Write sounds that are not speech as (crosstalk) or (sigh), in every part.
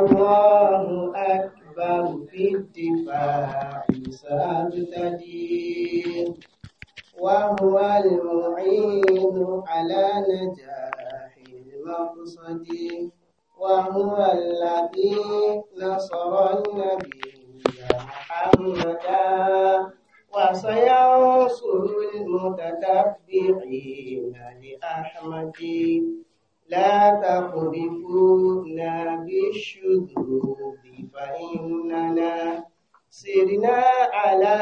الله أكبر في الدفاع سأبتدي وهو المعين على نجاح المقصد وهو الذي نصر النبي محمدا وسينصر المتتبعين لأحمد لا تقذفونا بالشذوذ فإننا سرنا على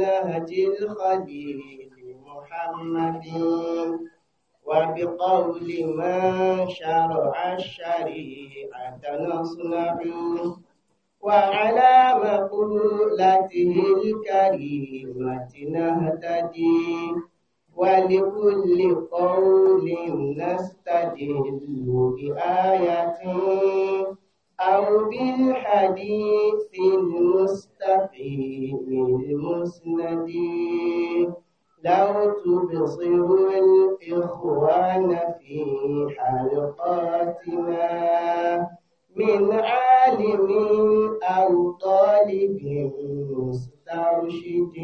نهج الخليل محمد وبقول ما شرع الشريعة نصنع وعلى مقولته الكريمة نهتدي ولكل قول نستدل بآية أو بالحديث المستقيم المسند لو تبصر الإخوان في حلقاتنا من عالم أو طالب مسترشد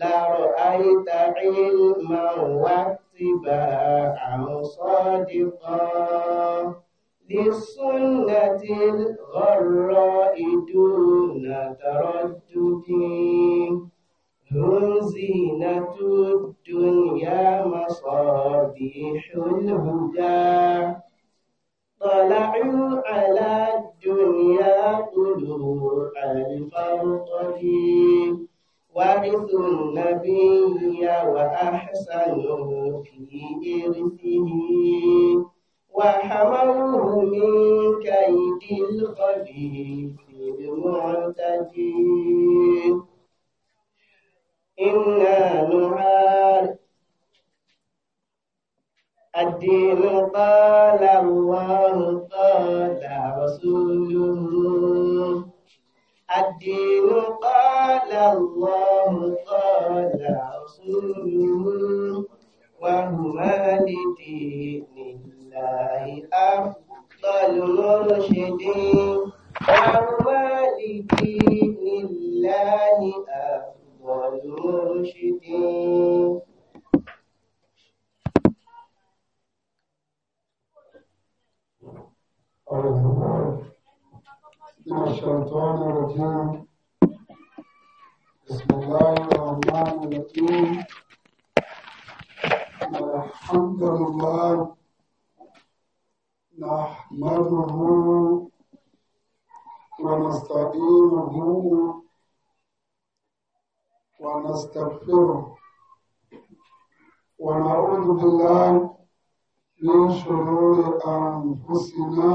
لرأيت علما واتباعا صادقا للسنة الغراء دون تردد هم زينة الدنيا مصابيح الهدى طلعوا على الدنيا طلوع الفرقد وارث النبي وأحسن في إرثه وحمله من كيد الخبيث المعتدين إنا نعار الدين قال الله قال رسوله الدين قال الله قال رسوله وهما لدين الله أفضل مرشدين وهما لدين الله أفضل مرشدين Oh, من الشيطان الرجيم بسم الله الرحمن الرحيم الحمد لله نحمده ونستعينه ونستغفره ونعوذ بالله من شرور أنفسنا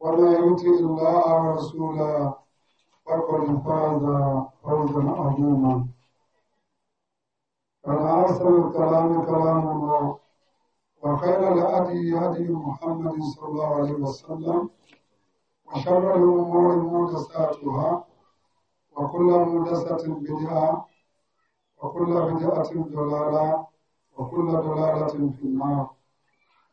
ولا يوتي الله ورسوله فقد فاز فوزا عظيما احسن الكلام كلام الله وخير الهدي هدي محمد صلى الله عليه وسلم وشر الامور مدساتها وكل مدسة بدعه وكل بدعه ضلاله وكل ضلاله في النار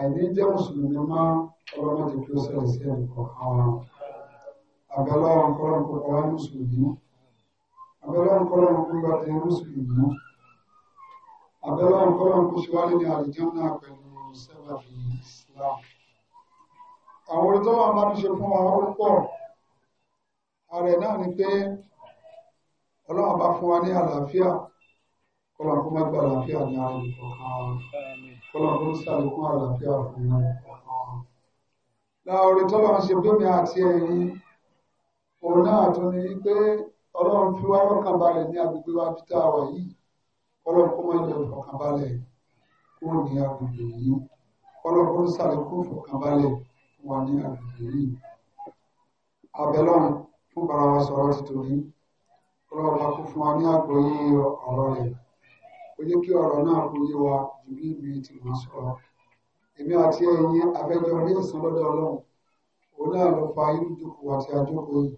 àìní jẹ́ mùsùlùmí máa ọlọ́mọ ti kí ó sẹ́yìn sí ẹ̀kọ́ àwọn àbẹ̀lọ́wọ̀n kọ́lọ́n kó wá mùsùlùmí àbẹ̀lọ́wọ̀n kọ́lọ́n kó gbà tẹ mùsùlùmí àbẹ̀lọ́wọ̀n kọ́lọ́n kó ṣe wálé ní àlìjọ́n náà pẹ̀lú sẹ́bàbí Islam àwọn orí tó wà ń ṣe fún wa ó pọ̀ ààrẹ náà ni pé Ọlọ́run bá fún wa ní àlàáfíà kọ́lọ́n kó má gba àlàáfíà ní ara nìkọ̀ọ̀kan kọ́lọ́n kó sàlékún àlàáfíà fún wọn. láàárín tọ́lọ́ ń ṣe bómi àti ẹ̀yìn òun náà tún ní pé ọlọ́run fi wá lọ́kàn balẹ̀ ní agbègbè wa bí tá a wà yìí kọ́lọ́n kó má yẹ ọkàn balẹ̀ kó ní agbègbè yìí kọ́lọ́n kó sàlékún fọkàn balẹ̀ wà ní agbègbè yìí. abẹ́lọ́run fún bara wa sọ̀rọ̀ ti torí bá kú fún wa ní àgbọ́yé ọ̀rọ̀ rẹ̀ ó jẹ́ kí ọ̀rọ̀ náà kú yé wa ju bí mi ti mọ̀ sọ èmi àti ẹ̀yin abẹ́jọ ní ẹ̀sán lọ́dọ̀ ọlọ́run òun náà ló fa irú ìjókòó àti àjókòó yìí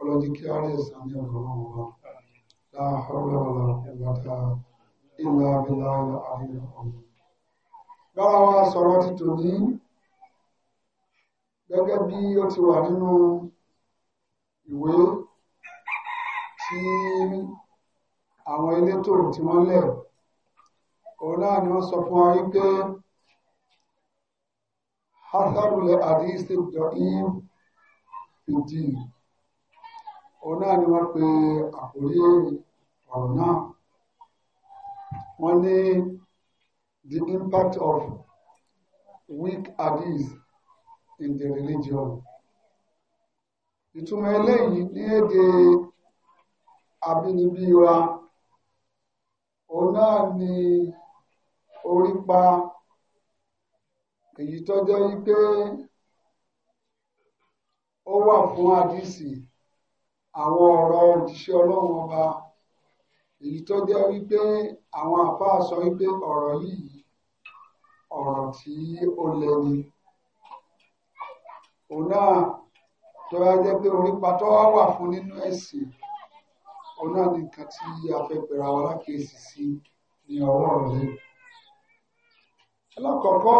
ọlọ́jì kí á rí ẹ̀sán ní ọ̀dọ̀ ọlọ́run wa láàárọ̀ ọ̀la ìbàdà ìlà abẹ́là ìlà àríyá ọ̀hún. bára wa sọ̀rọ̀ ti tò ní gẹ́gẹ́ bí ó ti wà nínú ìwé tí àwọn elétò tí wọ́n lẹ̀ òun náà ni wọ́n sọ fún wa wípé hasarule adisi dọ̀ín ìdí òun náà ni wọ́n pe àkórí ọ̀rọ̀ náà wọ́n ní the impact of weak hadith in the religion ìtumọ̀ eléyìí ní èdè abínibí wa òun náà Ni orí pa èyí tọ́jọ́ yí pé ó wà fún àdìsí àwọn ọ̀rọ̀ òjíṣẹ́ ọlọ́run ọba èyí tó jẹ́ wípé àwọn àfáà sọ wípé ọ̀rọ̀ yìí ọ̀rọ̀ tí ó lẹ́ni òun náà tó yá jẹ́ pé orípa tó wà fún nínú ẹ̀sìn òun náà nìkan tí a pẹ̀rọ àwọn alákèésí sí ní ọwọ́ rẹ̀ alákọ̀ọ́kọ́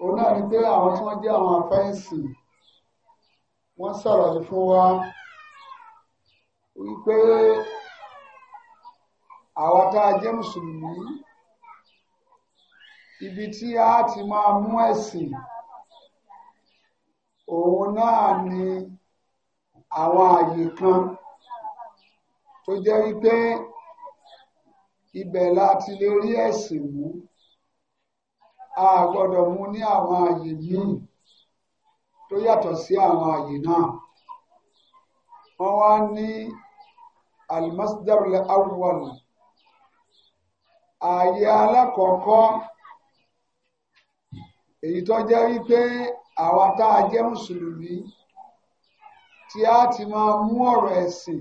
òun náà ni pé àwọn tí wọ́n jẹ́ àwọn afẹ́ǹsì wọ́n ṣàlàyé fún wa wípé àwa tá a jẹ́ mùsùlùmí ibi tí a ti máa mú ẹ̀sìn òun náà ni àwọn àyè kan tó jẹ́ wípé ibẹ̀ la ti lè rí ẹ̀sìn mú a gbọ́dọ̀ mú ní àwọn ààyè míì tó yàtọ̀ sí àwọn ààyè náà wọ́n wá ní almasdarul awwal ààyè alákọ̀ọ́kọ́ èyí tó jẹ́ wípé àwa tá a jẹ́ mùsùlùmí tí a ti máa mú ọ̀rọ̀ ẹ̀sìn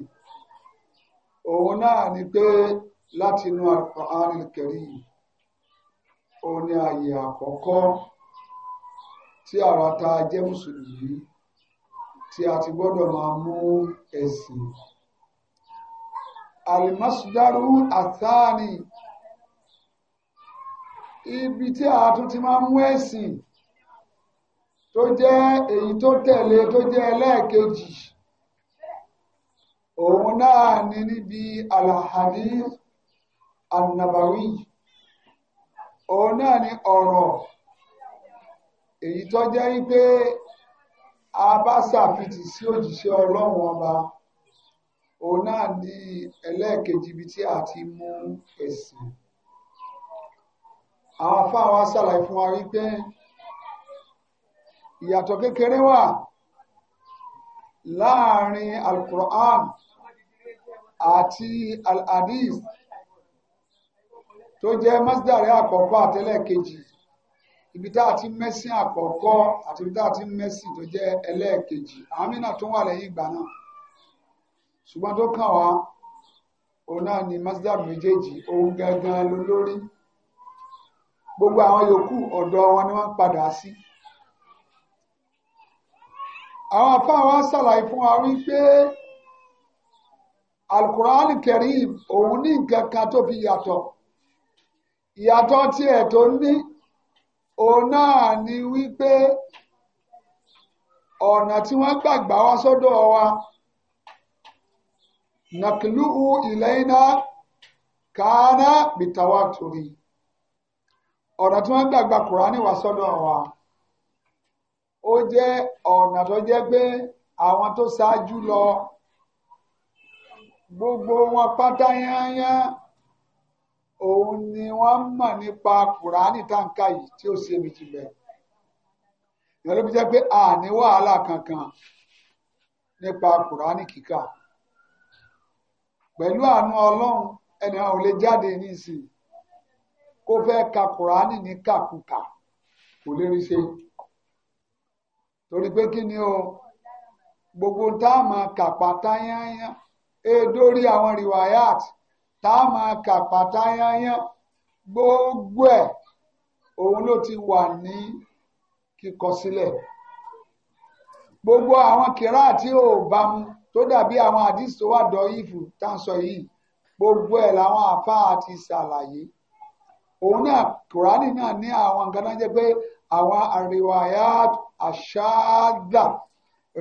òun náà ni pé látinú Al-Qur'an Al-Karim yìí òun ni ààyè àkọ́kọ́ tí àwa tá a jẹ́ mùsùlùmí tí a ti gbọ́dọ̀ máa mú ẹ̀sìn. Àlìmọ́sùdárú àtàní ibi tí a tún ti máa mú ẹ̀sìn tó jẹ́ èyí tó tẹ̀lé tó jẹ́ ẹlẹ́ẹ̀kejì òun náà ni níbi alahadi anabawi. Al òun náà ni ọ̀rọ̀ èyí tó jẹ́ wípé a bá ṣàfitì sí òjìṣẹ́ ọlọ́run ọba òun náà ní ẹlẹ́ẹ̀kejì ibi tí a ti mú ẹ̀sìn àwọn afáwa ṣàlàyé fún wa wípé ìyàtọ̀ kékeré wà láàrin alukur'an àti al-hadith. al tó jẹ́ masdari àkọ́kọ́ àtẹlẹ́ẹ̀kejì ibi tá a ti mẹ́sìn àkọ́kọ́ àti ibi tá a ti tó jẹ́ ẹlẹ́ẹ̀kejì àwọn tó wà lẹ́yìn ìgbà náà ṣùgbọ́n tó kàn wá náà ni masdari méjèèjì òun gangan ló lórí gbogbo àwọn yòókù wọn ni wọ́n padà sí. àwọn wa ṣàlàyé fún wa wípé òun ní nǹkan ìyàtọ̀ tiẹ̀ tó ní òun náà ni wípé ọ̀nà tí wọ́n gbàgbà wá sọ́dọ̀ wa nàkìlúhu ìlẹ́yìnà kàánà bìtàwà torí ọ̀nà tí wọ́n gbàgbà kùránì wá sọ́dọ̀ wa ó jẹ́ ọ̀nà tó jẹ́ pé àwọn tó ṣáájú lọ gbogbo wọn pátá yányán òun ni wọ́n mọ̀ nípa kùránì táǹkà yìí tí ó ṣe méjì bẹ́ẹ̀. ìyẹn ló fi jẹ́ pé a ní wàhálà kankan nípa kùránì kíkà. pẹ̀lú àánú ọlọ́run ẹni àwọn ò lè jáde nísìnyí kó fẹ́ ka kùránì ní kàkùkà kò lè rí ṣe. torí pé kí ni o gbogbo táwọn kàpá táyáyá èdórí àwọn rìwáyàtì tá a máa kà pátá yányán gbogbo ẹ̀ òun ló ti wà ní kíkọ sílẹ̀ gbogbo àwọn kìrá tí ò bá mu tó dàbí àwọn àdìsí tó wà dọ́yìfù tá à ń sọ yìí gbogbo ẹ̀ làwọn àfáà ti ṣàlàyé òun náà kùránì náà ní àwọn nǹkan náà jẹ́ pé àwọn àríwáyà àṣáàdà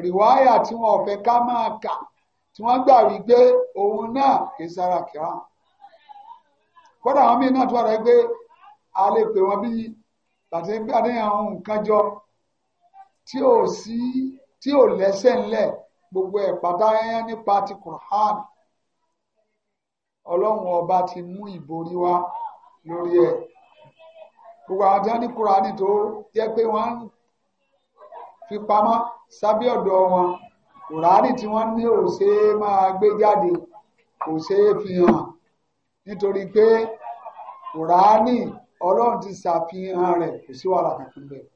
rìwáyà tí wọn ò fẹ́ ká máa kà tí wọ́n gbà wípé òun náà kì í sára kìrán kódà àwọn míì náà tó rẹ a lè wọn bí bàtí adéyàn àwọn tí ò sí tí lẹ́sẹ̀ ńlẹ̀ gbogbo ẹ̀ pátá nípa ti Qur'an ọba ti mú ìborí wá lórí ẹ gbogbo àwọn tó pé wọ́n ń fi wọn tí wọ́n ní ò ṣe máa gbé jáde kò ṣe nítorí pé kùránì ọlọ́run ti ṣàfihàn rẹ̀ kò sí wàhálà kankan bẹ́ẹ̀.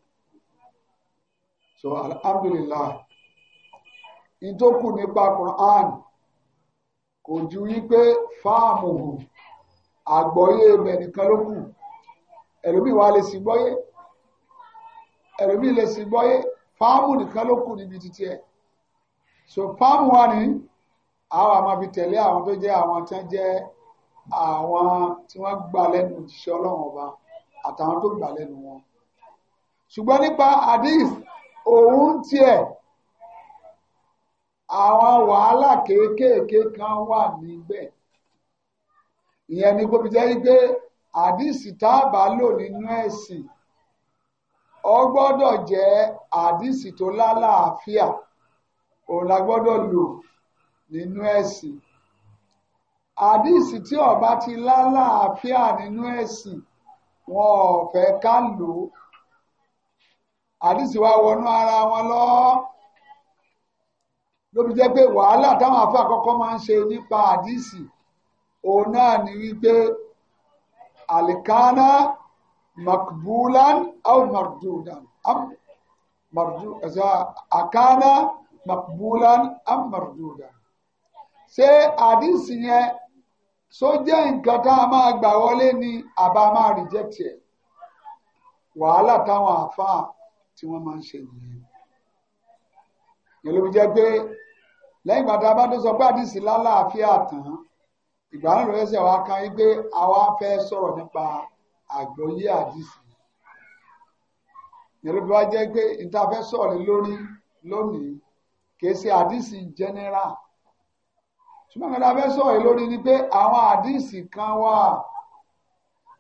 so alhamdulilayi ìtòkù nípa quran kò ju wípé fáàmù hù àgbọ́yé ibẹ̀ nìkan ló kù ẹlòmíì wà lè sì gbọ́yé ẹlòmíì lè sì gbọ́yé fáàmù nìkan ló kù níbi títí ẹ̀ so fáàmù wa ni àwọn àmọ́ fi tẹ̀lé àwọn tó jẹ́ àwọn tán jẹ́ àwọn tí wọ́n gbà lẹ́nu òjíṣẹ́ ọlọ́run ọba àtàwọn tó gbà lẹ́nu wọn ṣùgbọ́n nípa hadith òun tiẹ̀ àwọn wàhálà kéékèèké kan wà níbẹ̀ ìyẹn ni gbogbo jẹ́ pé hadith tá lò nínú ẹ̀sìn ó gbọ́dọ̀ jẹ́ hadith tó lálàáfíà òun la gbọ́dọ̀ lò nínú ẹ̀sìn àdìsí tí ọba ti lálàáfíà nínú ẹ̀sìn wọn ò fẹ́ ká lò ó àdìsí wa wọnú ara wọn lọ ló fi jẹ́ pé wàhálà táwọn afọ àkọ́kọ́ máa ń ṣe nípa àdìsí òun náà ni wípé alikana makbulan aw mardudan am mardu akana makbulan am mardudan ṣé àdìsí yẹn so jẹ́ nǹkan tá a máa gbà wọlé ni àbá máa reject ẹ̀ wàhálà táwọn àáfàá tí wọ́n máa ń ṣe nìyẹn ìlú jẹ́ pé lẹ́yìn ìgbà tá a bá tó sọ pé àdìsí lálàáfíà tán ìgbà náà ló ṣẹ̀ṣẹ̀ wá kan pé àwa fẹ́ sọ̀rọ̀ nípa àgbọ́yé àdìsí ìlú wá jẹ́ pé níta fẹ́ sọ̀rọ̀ lórí lónìí kì ṣe àdìsí general ṣùgbọ́n kan lábẹ́ sọ̀rọ̀ lórí ni pé àwọn àdìsí kan wà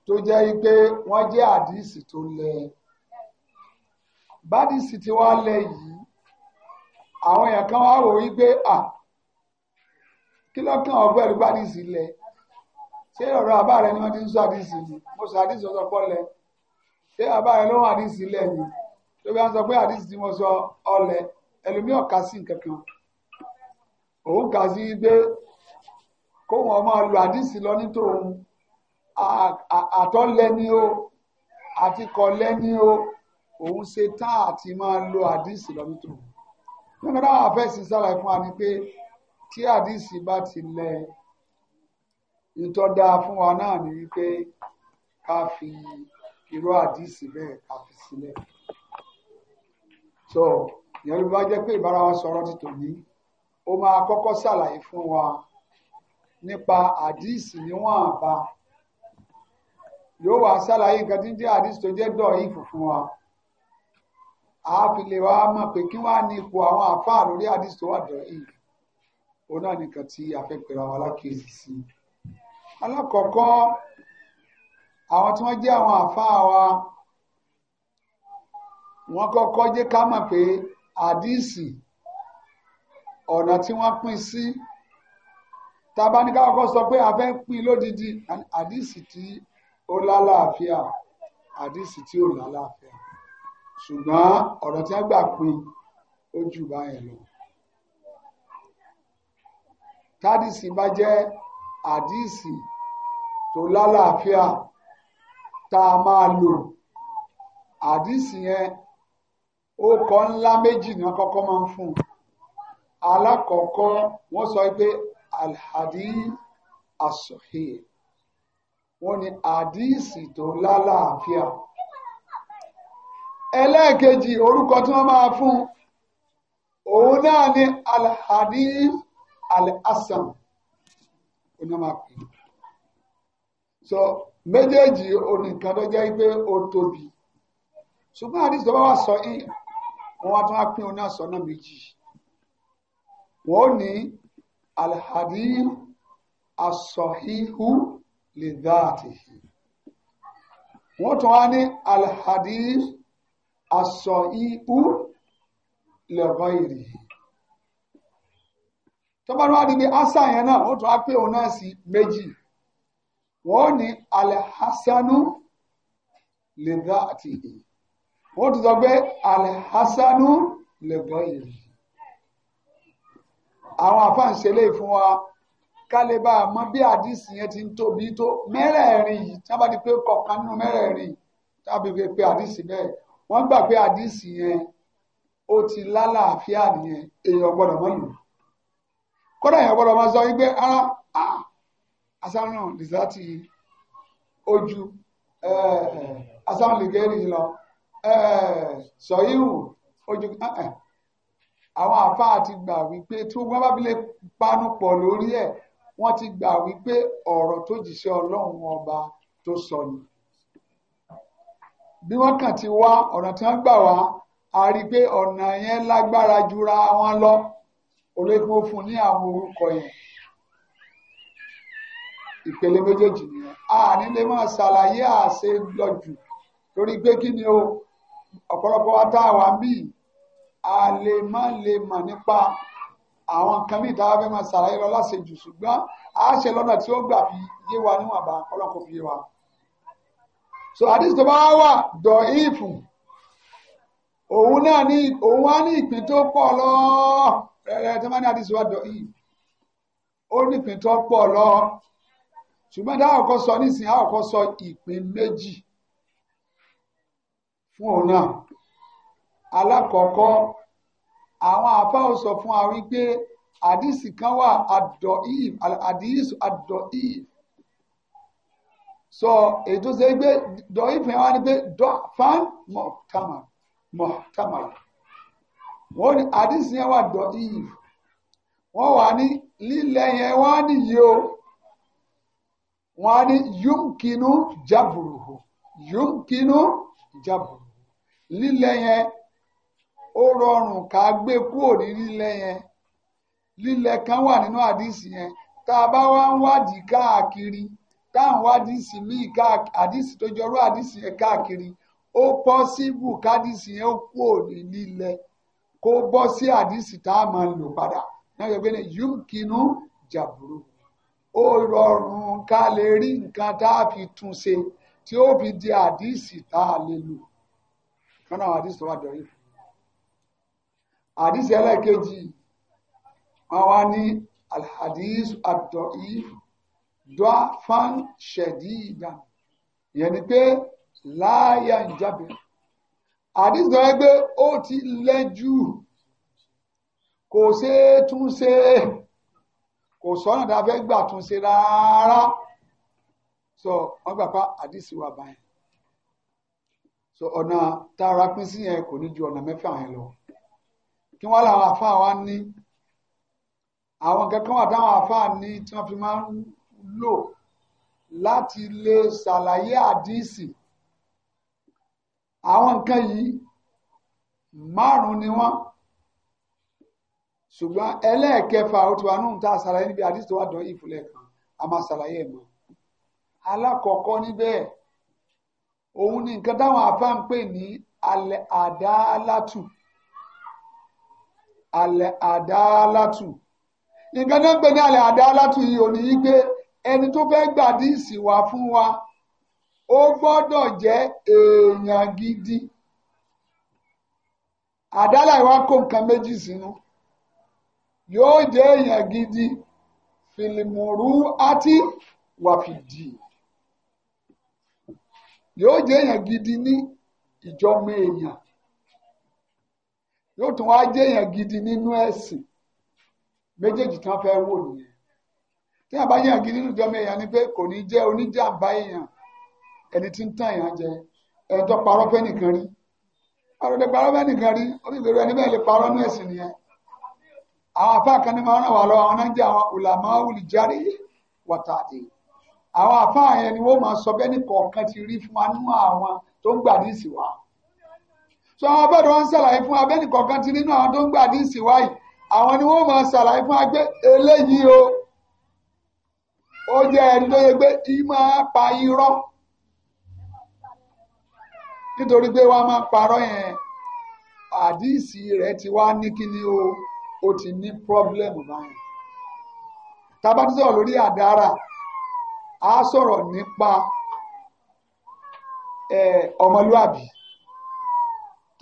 tó jẹ́ pé wọ́n jẹ́ àdìsí tó lẹ bádìsí tí wàá lẹ yìí àwọn èèyàn kan wá wò wípé à kí lọ́kàn ọgbẹ́ ẹ̀rú bádìsí lẹ ṣé ọ̀rọ̀ àbá rẹ ni wọ́n ti ń sọ àdìsí ni mo sọ àdìsí ọ̀sọ̀ pọ̀ lẹ ṣé àbá rẹ ló wà àdìsí lẹ ni tó bí wọ́n sọ pé àdìsí tí mo sọ ọlẹ ẹlòmíọ̀ kà sí nǹkan kan òun kà sí gbé kóun ọmọ lu àdìsí lọ nítòun àtọ́lẹ́ni o àti kọ́lẹ́ni o òun ṣe tá àti máa lo àdìsí lọ nítòun. nígbà táwọn àfẹ́sì sàlàyé fún wa ni pé tí àdìsí bá ti lẹ ìtọ́da fún wa náà ni wípé ká fi irú àdìsí bẹ́ẹ̀ ká fi sílẹ̀. so ìyẹn ló bá jẹ́ pé ìbára wa sọ̀rọ̀ ti tò ní ó máa kọ́kọ́ ṣàlàyé fún wa nípa àdìsí níwọ̀nba yóò wá ṣàlàyé nǹkan tí ń jẹ́ àdìsí tó jẹ́ dọ̀yìn fún wa a fi lè wá mọ̀ pé kí wọ́n á ní ipò àwọn àfáà lórí àdìsí tó wà dọ̀yìn òun náà nìkan tí a fẹ́ pèrè àwọn alákèésí alákọ̀ọ́kọ́ àwọn tí wọ́n jẹ́ àwọn àfáà wa wọ́n kọ́kọ́ jẹ́ ká mọ̀ pé àdìsí ọ̀nà tí wọ́n pín sí tabaníkà kọ́kọ́ sọ pé a fẹ́ pín lódìdí àdìsí tí ó lálàáfíà àdìsí tí ó lálàáfíà ṣùgbọ́n ọ̀rọ̀ tí wọ́n gbà pín ó jù báyẹn lọ tádìsí bá jẹ́ àdìsí tó lálàáfíà tá a máa lò àdìsí yẹn ó kọ ńlá méjì ní wọ́n kọ́kọ́ máa ń fún un alákọ̀ọ́kọ́ wọ́n sọ pé alhadith asọ̀hí wọ́n ní àdíìsì tó lálàáfíà ẹlẹ́ẹ̀kejì orúkọ tí wọ́n máa fún òun náà ni alhadith alhassan òun náà máa pè é so méjèèjì onìkan tó jẹ́ pé ó tóbi ṣùgbọ́n àdíìsì tó bá wà sọ yìí wọ́n wá tún á pín òun náà sọ náà méjì yìí wọ́n ní alhadith asọ̀híhù lè dáàtìhì wọ́n tún wá ní alhadith asọ̀híhù lè ghairihi tọ́ba ló wá di ní asa yẹn náà wọ́n tún á pé òun náà sí méjì wọ́n ní alhassanu lè dáàtìhì wọ́n tún sọ alhassanu lè ghairihi àwọn àfáànṣe lè fún wa kálíbà mọ bí àdìsí yẹn ti ń tóbi tó mẹ́rẹ̀ẹ̀rin yìí tí wọ́n bá ti pé kọ̀ọ̀kan nínú mẹ́rẹ̀ẹ̀rin tàbí pé àdìsí bẹ́ẹ̀ wọ́n gbà pé àdìsí yẹn ó ti lálàáfíà nìyẹn èèyàn gbọ́dọ̀ mọ́ lò kódà èèyàn gbọ́dọ̀ máa sọ wípé ara ah, ah, asáràn dìsátì ojú eh, asáràn lè lọ eh, sọ yìí ojú eh, àwọn àfáà ti gbà wípé tí wọ́n bá fi lè panu pọ̀ lórí ẹ̀ wọ́n ti gbà wípé ọ̀rọ̀ tó jìṣẹ́ ọlọ́run ọba tó sọ ni. bí wọ́n kàn ti wá ọ̀nà tí wọ́n gbà wá a rí i pé ọ̀nà yẹn lágbára jura wọn lọ olóògùn fún ní àwọn orúkọ yẹn ìpele méjèèjì nìyẹn a ní lè máa ṣàlàyé àṣẹ lọ jù torí pé kí ni o ọ̀pọ̀lọpọ̀ wa tá a wà ń a lè má lè mọ̀ nípa àwọn nǹkan bí ìdáwà fẹ́ máa ṣàlàyé lọ láṣejù ṣùgbọ́n a ṣe lọ́nà tí ó gbà fi yé wa níwọ̀nba ọlọ́kọ̀ fi yé wa. so àdìsí tó bá wà dọ̀ ìfù òun náà ní òun wá ní ìpín tó pọ̀ lọ rẹ̀rẹ̀ tó máa ní àdìsí wa dọ̀ ìfù ó ní ìpín tó pọ̀ lọ ṣùgbọ́n dáhùn kọ́ sọ nísìnyí àwọn kọ́ sọ ìpín méjì fún òun náà alákọ̀ọ́kọ́ àwọn àfáà sọ fún wa wípé àdìsí kan wà àdọ̀ ìf àdìsí àdọ̀ ìf sọ èyí tó ṣe gbé dọ̀ ìf yẹn wá pé dọ̀ fan mọ̀ kàmà mọ̀ kàmà wọ́n ní àdìsí yẹn wà dọ̀ ìf wọ́n wà ní lílẹ̀ yẹn wá nìyí o wọ́n á ní yumkinu jabruhu yumkinu jabruhu lílẹ̀ yẹn ó rọrùn ká gbé kúrò ní lílẹ̀ yẹn lílẹ̀ kan wà nínú àdìsí yẹn tá a bá wá ń wádìí káàkiri tá à ń wádìí sí míì káàkiri àdìsí tó jọrú àdìsí yẹn káàkiri ó pọ́ síbù kádìsí yẹn ó kúrò ní kó bọ́ sí àdìsí tá a máa lò padà náà yọ ó rọrùn ká fi tún ṣe tí ó fi di àdìsí tá a lè lò kánà àdìsí àdìsí ẹlẹ́ẹ̀kejì wọn wá ní alhadis adọ̀í dọ́fán ṣẹ̀dí ìdá ìyẹn ni pé láàyà ń jábẹ̀ àdìsí náà gbé ó ti lẹ́jú kò ṣeé tún ṣe kò sọ́nà tá a fẹ́ gbà tún ṣe rárá so wọ́n gbà pa àdìsí wa báyìí so ọ̀nà tá a ra pín sí yẹn kò ní ju ọ̀nà mẹ́fà yẹn lọ kí wọ́n làwọn àfáà wa ní àwọn kankan wà táwọn àfáà ní tí wọ́n fi máa ń lò láti lè ṣàlàyé àdíìsì àwọn nǹkan yìí márùn ni wọ́n ṣùgbọ́n ẹlẹ́ẹ̀kẹfà ó ti wà nù tá a ṣàlàyé níbi àdíìsì tó wà dán ìfúnlẹ̀ kan a máa ṣàlàyé ẹ̀ mọ́ alákọ̀ọ́kọ́ níbẹ̀ òun ni nǹkan táwọn àfáà ń pè ní àdáálátù. alẹ àdáálátù nǹkan náà ń pè ní alẹ́ àdáálátù yìí ò ní í pé ẹni tó fẹ́ gbàdí gbàdíìsì wá fún wa ó gbọ́dọ̀ jẹ́ èèyàn gidi àdálà wá kó nǹkan méjì sínú yóò jẹ́ èèyàn gidi fìlìmùrú àti wàfìdì yóò jẹ́ èèyàn gidi ní ìjọmọ èèyàn yóò tún wá jẹ́ gidi nínú ẹ̀sìn méjèèjì tí fẹ́ wò nìyẹn tí àbá gidi nínú ìjọba èèyàn ni pé kò ní jẹ́ oníjàmbá èèyàn ẹni tí ń tàn èèyàn jẹ ẹni tó parọ́ fẹ́ nìkan rí àròlé parọ́ fẹ́ nìkan rí ẹni bẹ́ẹ̀ lè parọ́ ní ẹ̀sìn nìyẹn àwọn kan ní máa ràn wá lọ àwọn náà ń àwọn àwọn yẹn ni wọ́n máa sọ so àwọn bẹ́ẹ̀ ni ń ṣàlàyé fún abẹ́ni kọ̀ọ̀kan ti nínú àwọn tó ń gbà ní àwọn ni wọ́n máa ṣàlàyé fún agbẹ́ eléyìí o ó jẹ́ ẹni tó yẹ pé pa irọ́ nítorí pé wọ́n máa parọ́ yẹn àdísì rẹ̀ ti wá ní o ti ní pọ́blẹ́mù báyìí lórí àdára a sọ̀rọ̀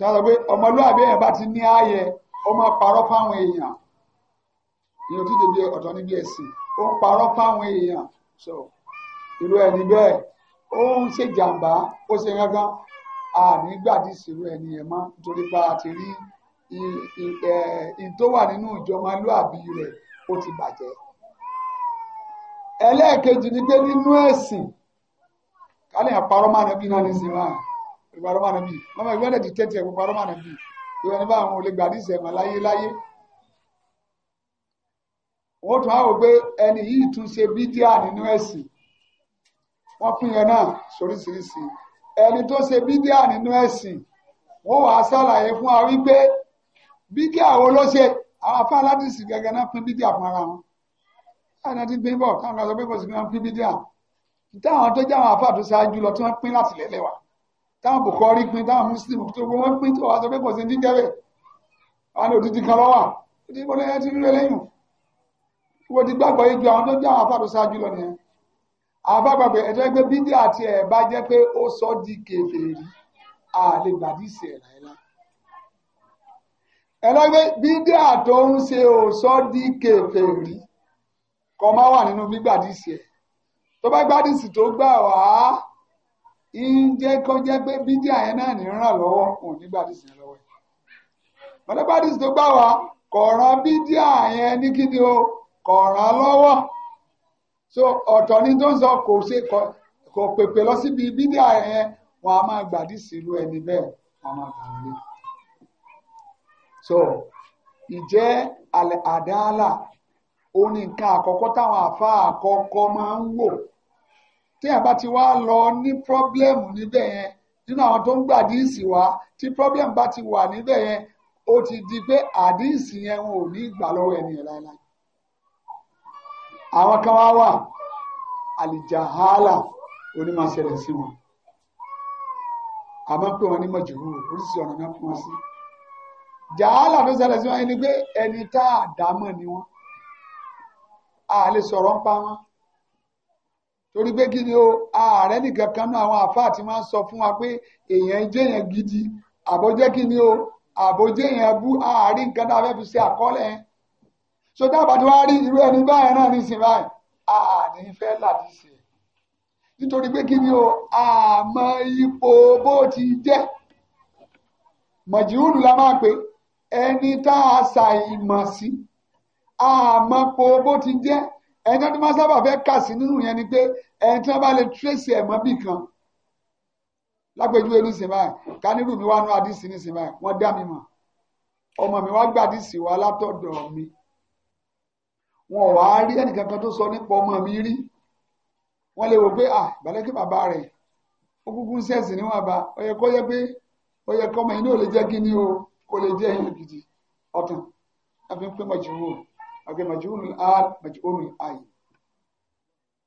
tí wọ́n sọ pé ọmọlúwàbí èèyàn bá ti ní ààyè ó máa parọ́ fáwọn èèyàn ní o ti dèbí ọ̀tọ̀ níbi ẹ̀sìn ó parọ́ fáwọn èèyàn so irú ẹni bẹ́ẹ̀ ó ń ṣèjàmbá ó ṣe gángan ànígbàdí ìṣirò ẹni ẹ̀ mọ́ nítorí pé a ti rí ìtò wà nínú ìjọmọlúàbí rẹ̀ ó ti bàjẹ́ ẹlẹ́ẹ̀kejì ni pé nínú ẹ̀sìn kálí àparọ́ máa ń bí náà ní sinmi ìparọ́ máa nàbí ọmọ ìgbọ́n dẹ̀ ti tẹ́tí ẹ̀ ìparọ́ máa nàbí ìwọ ní báwọn olè gbàdí ìsẹ̀mọ̀ láyé láyé. wọ́n tún á wò pé ẹni yìí tún ṣe bídíà nínú ẹ̀sìn wọ́n pín yẹn náà sóríṣiríṣi ẹni tó ṣe bídíà nínú ẹ̀sìn wọ́n wàá ṣàlàyé fún wa wípé bídíà wo ló ṣe àwọn afá aládìsí gẹ́gẹ́ náà pín bídíà fún ara wọn láti náà ti gbé bọ̀ káwọn kan sọ pé kò sí pín bídíà táwọn tó jẹ́ àwọn afá tó ṣáájú lọ tí wọ́n pín láti lẹ́lẹ́wàá táwọn bùkọ́rí pin táwọn muslim tó gbé wọ́n pin tó wàá sọ pé kò sí ní jẹ́rẹ̀ àwọn ní òdìdí kan lọ́wà òdìdí kan lẹ́yìn ti rí rẹ lẹ́yìn wo ti gbàgbọ́ yìí ju àwọn tó jẹ́ àwọn afáàdó ṣáájú lọ nìyẹn àwọn afáàgbà pé ẹ̀jẹ̀ gbé bídí àti ẹ̀ bá jẹ́ pé ó sọ di kèfèrí àlè gbàdí ìsẹ̀ láìláì ẹlọ́gbẹ́ bídíà tó ń ṣe òsọ́ di kèfèrí kọ́ máa wà nínú gbígbàdísì ẹ̀ tó bá gbádìsì tó gbà wá ń jẹ́ yẹn náà ní ràn lọ́wọ́ òun nígbà tí sì ń lọ́wọ́ yẹn ní o kọ̀ọ̀ràn lọwọ. so ọtọ ni tó ń sọ kò ṣe pèpè lọ síbi bídíà yẹn wọn a máa gbàdí ẹni wọn a máa gbà wọlé. so ìjẹ́ àdáàlà ó nǹkan àkọ́kọ́ táwọn àfa àkọ́kọ́ téèyàn bá ti wá lọ ní pọ́blẹ́mù níbẹ̀ yẹn nínú àwọn tó ń gbà díìsì wá tí pọ́blẹ́mù bá ti wà níbẹ̀ yẹn ó ti di pé àdíìsì yẹn wọn ò ní ìgbà lọ́wọ́ ẹnìyẹn láéláé àwọn kan wá wà àlìjàhálà onímọ̀ọ́sẹ̀lẹ̀ sí wọn àmọ́ pé wọn ní mọ̀jùrú oríṣi ọ̀nà náà fún wọn sí jàhálà tó ṣẹlẹ̀ sí wọn ẹni pé ẹni tá a dámọ̀ ni wọn a lè sọ̀rọ̀ ń pa wọn torí pé kí ni o ààrẹ nìkan kan náà àwọn àfáà ti máa ń sọ fún wa pé èèyàn jẹ́ èèyàn gidi àbójẹ́ kí ni o àbójẹ́ èèyàn bú àárín nǹkan tá a fẹ́ fi ṣe àkọọ́lẹ̀ yẹn so dábàá tí wàá rí irú ẹni báyẹn náà nísìnyí báyìí àní fẹ́ láti ṣe nítorí pé kí ni o àmọ́ ipò bó ti jẹ́ mọ̀jìhùn la máa pè ẹni tá a ṣàìmọ̀ sí àmọ́ po bó ti jẹ́ ẹni tó ti máa sábà fẹ́ kà sí nínú yẹn ni pé ẹni tí wọ́n bá lè tírèsì ẹ̀ mọ́ bì kan lápèjúwe ní sinmi báyìí kánírù mi wá nú àdìsí ní sinmi báyìí wọ́n dá mi mọ̀ ọmọ mi wá gbàdìsí wa látọ̀dọ̀ mi wọn ò wá rí ẹnìkan kan tó sọ nípa ọmọ mi rí wọ́n lè wò pé à ìbàlẹ̀ kí bàbá rẹ̀ ó kúkú ń sẹ̀sìn níwọ̀n bá ó yẹ yẹ pé ó yẹ kọ́mọ yìí ní ò lè jẹ́ kí ni o kò lè jẹ́ èèyàn gidi ọ̀tàn àfi ń pé mọ̀jú wò ó ọgbẹ́ majúlù al majúlù ayi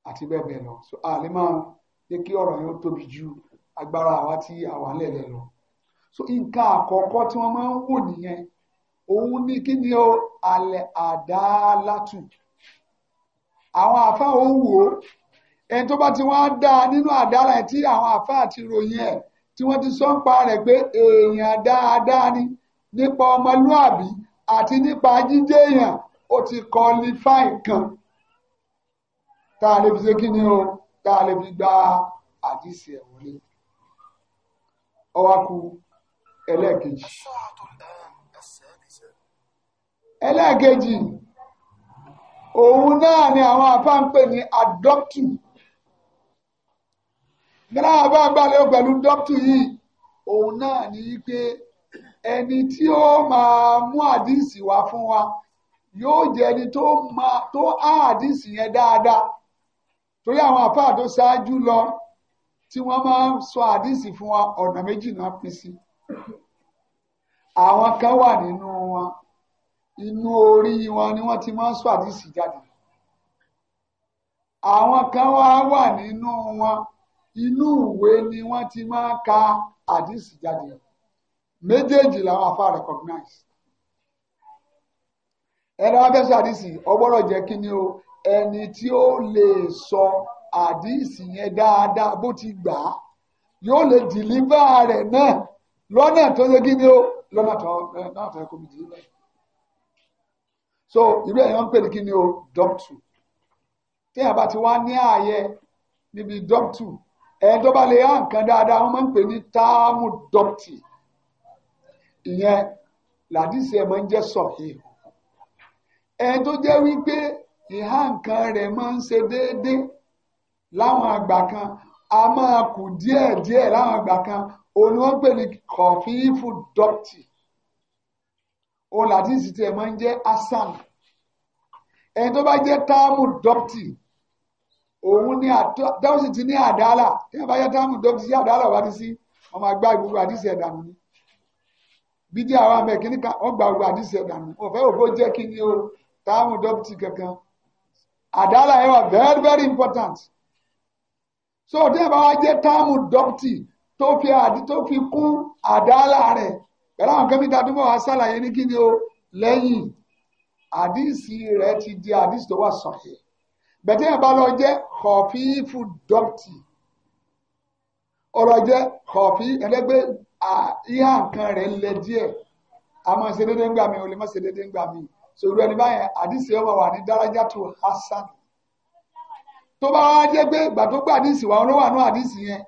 àti bẹ́ẹ̀ bẹ́ẹ̀ lọ so a lè máa jẹ́ kí ọ̀rọ̀ yẹn ó tóbi ju agbára àwa tí àwa lẹ̀lẹ̀ lọ so nǹkan àkọ́kọ́ tí wọ́n máa ń wò nìyẹn òun ní kí ni ó alẹ́ àdáálátù àwọn àfáà ó wò ó ẹni tó bá ti wá dá nínú àdáálá yẹn tí àwọn àfáà ti ròyìn ẹ̀ tí wọ́n ti sọ ń pa rẹ̀ pé èèyàn dáadáa ni nípa ọmọlúàbí àti nípa jíjẹ́ èèyàn ó ti kọlifáì kan tá a lè fi ṣe kí ni o tá a lè fi gba àdìsí ẹ̀ wọlé ọwá ku ẹlẹ́ẹ̀kejì ẹlẹ́ẹ̀kejì òun náà ni àwọn àbáǹpẹ̀ ní adọ́ptù gbọ́dọ̀ àbáǹbalẹ̀ pẹ̀lú dọ́ptù yìí òun náà ni pé ẹni tí ó máa mú àdìsí wá Fún wa yóò jẹ́ ẹni tó máa tó àdìsí yẹn dáadáa torí àwọn àfáà tó ṣáájú lọ tí wọ́n máa ń sọ àdìsí fún wa ọ̀nà méjì náà pín sí àwọn kan wà nínú wọn inú orí wọn ni wọ́n ti máa ń sọ àdìsí jáde àwọn kan wá wà nínú wọn inú ìwé ni wọ́n ti máa ka àdìsí jáde méjèèjì làwọn àfáà recognize ẹni wọn fẹ́ sọ àdìsí ọgbọ́dọ̀ jẹ́ kí ni o ẹni tí ó lè sọ àdìsí yẹn dáadáa bó ti gbà á yóò lè dìlíbà rẹ̀ náà lọ́nà tó ṣe kí ni o lọ́nà tó náà fẹ́ kó mi dìlíbà rẹ̀. so ìlú ẹ̀yàn ń pè ní kí ni o dọ́pítù téèyàn bá ti wá ní ààyè níbi dọ́pítù ẹni tó bá lè há nǹkan dáadáa wọ́n máa ń pè ní táàmù dọ́pítì ìyẹn làdìsí ẹ̀ máa ń jẹ́ sọ̀hìn ẹni tó jẹ́ wípé ìhà nǹkan rẹ̀ máa ń ṣe déédéé láwọn àgbà kan a máa kù díẹ̀ díẹ̀ láwọn àgbà kan òun wọ́n pè ní kọ̀fíìfù dọ́pítì òun làdíìsì tiẹ̀ máa ń jẹ́ asan ẹni tó bá jẹ́ táàmù dọ́pítì òun ní dáwọ́sì ti ní àdáàlà tí wọ́n bá yẹ táàmù dọ́pítì sí àdáàlà wá ní sí wọ́n máa gbá gbogbo àdíìsì ẹ̀dànù ni bídí àwọn àmì ẹ̀kíní kan wọ́n gba gbogbo àdíìsì ẹ̀dànù òfẹ́ òfó jẹ́ kí ni o táàmù dọ́pítì kankan àdálà yẹn wà very very important so tẹ́lẹ̀ bá wá jẹ́ táàmù dọ́pítì tó fi àdí tó fi kún àdálà rẹ̀ pẹ̀lú àwọn kẹ́míkà tó bọ̀ wá sàlàyé ní kíni o lẹ́yìn àdísì rẹ̀ ti di àdísì tó wà sọ̀hìn bẹ̀tẹ́ yẹn bá lọ jẹ́ kọ̀fíìfù dọ́pítì ọ̀rọ̀ jẹ́ kọ̀fí ẹ̀ẹ́dẹ́gbẹ́ ìhà nǹkan rẹ̀ lẹ díẹ̀ a máa ṣe déédéé ń gbà mí o lè má ṣe déédéé ń gbà mí sòrò ẹni báyẹn àdìsí ọmọ wà ní dárájà tó hasan tó bá wá jẹ́ pé ìgbà tó gbé àdìsí wa olówó àánú àdìsí yẹn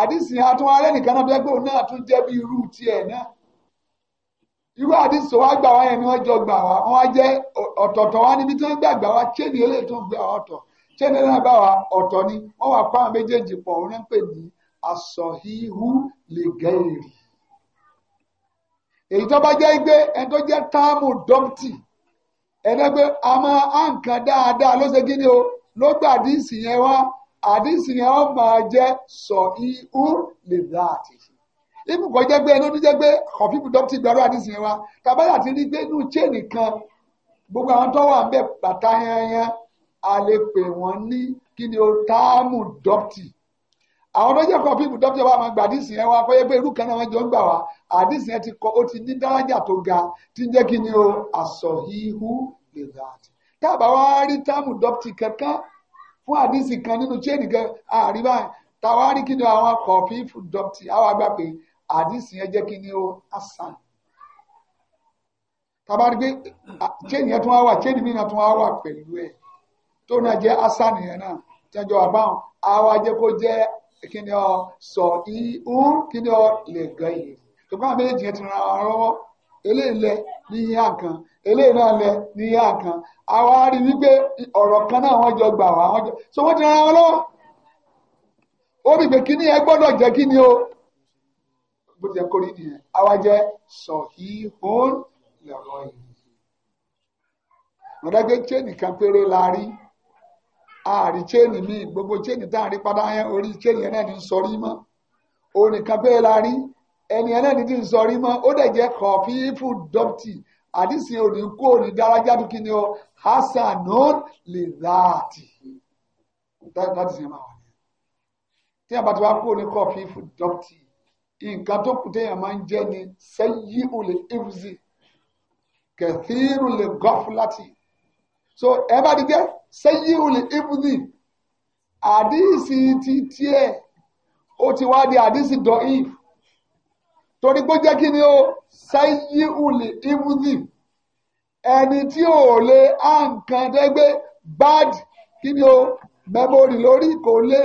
àdìsí yẹn nìkan náà òun náà tún bí irú náà irú àdìsí wa gbà wá yẹn ni jọ gbà wá níbi tí gbà ni wà pa àwọn méjèèjì pọ̀ òun náà pè ní èyí tó bá jẹ́ gbé ẹni tó ẹ̀dẹ́gbẹ́ a máa á nǹkan dáadáa ló ṣe kí ni o ló gbà àdísì yẹn wá àdísì yẹn ó máa jẹ́ sọ ihu lè dá àti fi. ibùkọ́ jẹ́ pé ẹni ó ti jẹ́ pé kọ̀fíìpù dọ́kítì gbẹ̀rọ àdísì yẹn wá tàbáyà ti rí pé inú chain kan gbogbo àwọn tó wà ń bẹ̀ bàtà yẹn yẹn a lè pè wọ́n ní kí ni o táàmù dọ́kítì àwọn tó jẹ́ kọ́píìpù dọ́kítà wa máa gba àdìsí yẹn wa kọ́ pé irú kan jọ ń gbà wá ẹ ti kọ ó ti ní tó ga ti ń jẹ́ kí ni o àsọ ihu lè ra àti. tábà wá rí táàmù kankan fún kan nínú àríwá rí kí ni àwọn àwọn àgbà pé o rí pé yẹn tún wá wà tún wá wà pẹ̀lú tó náà jẹ́ náà kí ọ sọ ìhú kí kini ọ lè gẹ yìí ṣùgbọ́n àwọn ti ran ara lọ́wọ́ eléyìí lẹ ní yíyá nǹkan kan náà wọ́n jọ gbà wá wọ́n jọ so ti ran ara lọ́wọ́ ó rí ẹ gbọdọ jẹ o bó ti yẹ nìyẹn sọ péré la àárí chéènì míì gbogbo chéènì tá à ń rí padà yẹn orí chéènì yẹn náà ní sọrí mọ́ orin kan bẹ́ẹ̀ la rí ẹni yẹn náà ní ti sọrí mọ́ ó dẹ̀ jẹ́ kọ̀ọ̀fì fún dọ́pítì àdìsí òní kó òní dárájà tó kí ni ọ hasanon lè dáàtì láti sìn máa wà ní. tí a bá ti wá kó òní kọ̀ọ̀fì fún dọ́pítì nǹkan tó kù téèyàn máa ń jẹ́ ni sẹ́yí olè ibùsì kẹ̀síìrù lè gọ́fù láti so ẹ bá ti jẹ́ sẹ́yìnwùlì ibùdí àdìsí ti tiẹ̀ ó ti wá di àdìsí dọ̀ì torí pé jẹ́ kí ni ó sẹ́yìnwùlì ẹni tí ò lè dẹ́gbẹ́ bad kí ni ó mẹ́mórì lórí kò lè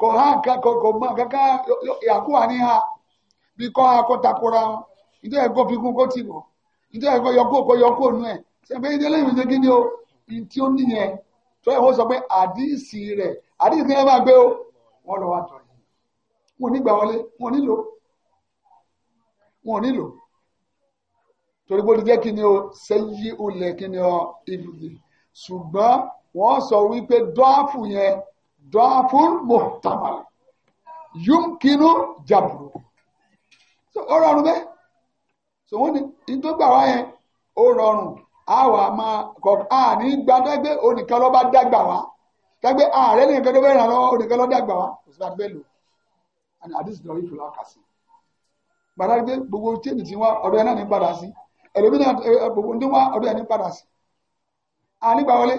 kò há kò kò mọ kankan ní ha bí ha takora wọn nítorí ẹ̀kọ́ fi kún kó tì wọ̀ ẹ̀kọ́ kó ẹ̀ ní tí ó nìyẹn tó yẹ wọ́n sọ pé àdìsí rẹ̀ àdìsí rẹ̀ máa gbé o wọ́n lọ wá tọ̀ yìí wọn ò ní gbà wọlé wọn ò nílò wọn ò nílò torí bó ti jẹ́ kí ni o sẹ́yí olè kí ni o ìlúdi ṣùgbọ́n wọ́n sọ wípé dọ́àfù yẹn dọ́àfù muhtamal yumkinu jabru ó rọrùn bẹ́ẹ̀ sọ wọ́n ní ní tó gbà wá yẹn ó rọrùn àwa máa kọ àní gbàdẹ́gbẹ́ onìkan lọ́ba dàgbà wá tẹ́gbẹ́ ààrẹ nìkan tó bẹ̀rẹ̀ lọ́wọ́ onìkan lọ́ba dàgbà wá kò sí bá bẹ́ẹ̀ lò àní àdìsí lọ́ọ́ ìfòlà ọ̀kà sí. gbàdá gbé gbogbo tíyẹ̀nì tí wọ́n ọ̀dọ̀ yẹn náà ní padà sí ẹlòmínà gbogbo tí wọ́n ọ̀dọ̀ yẹn ní padà sí. àní gbà wọlé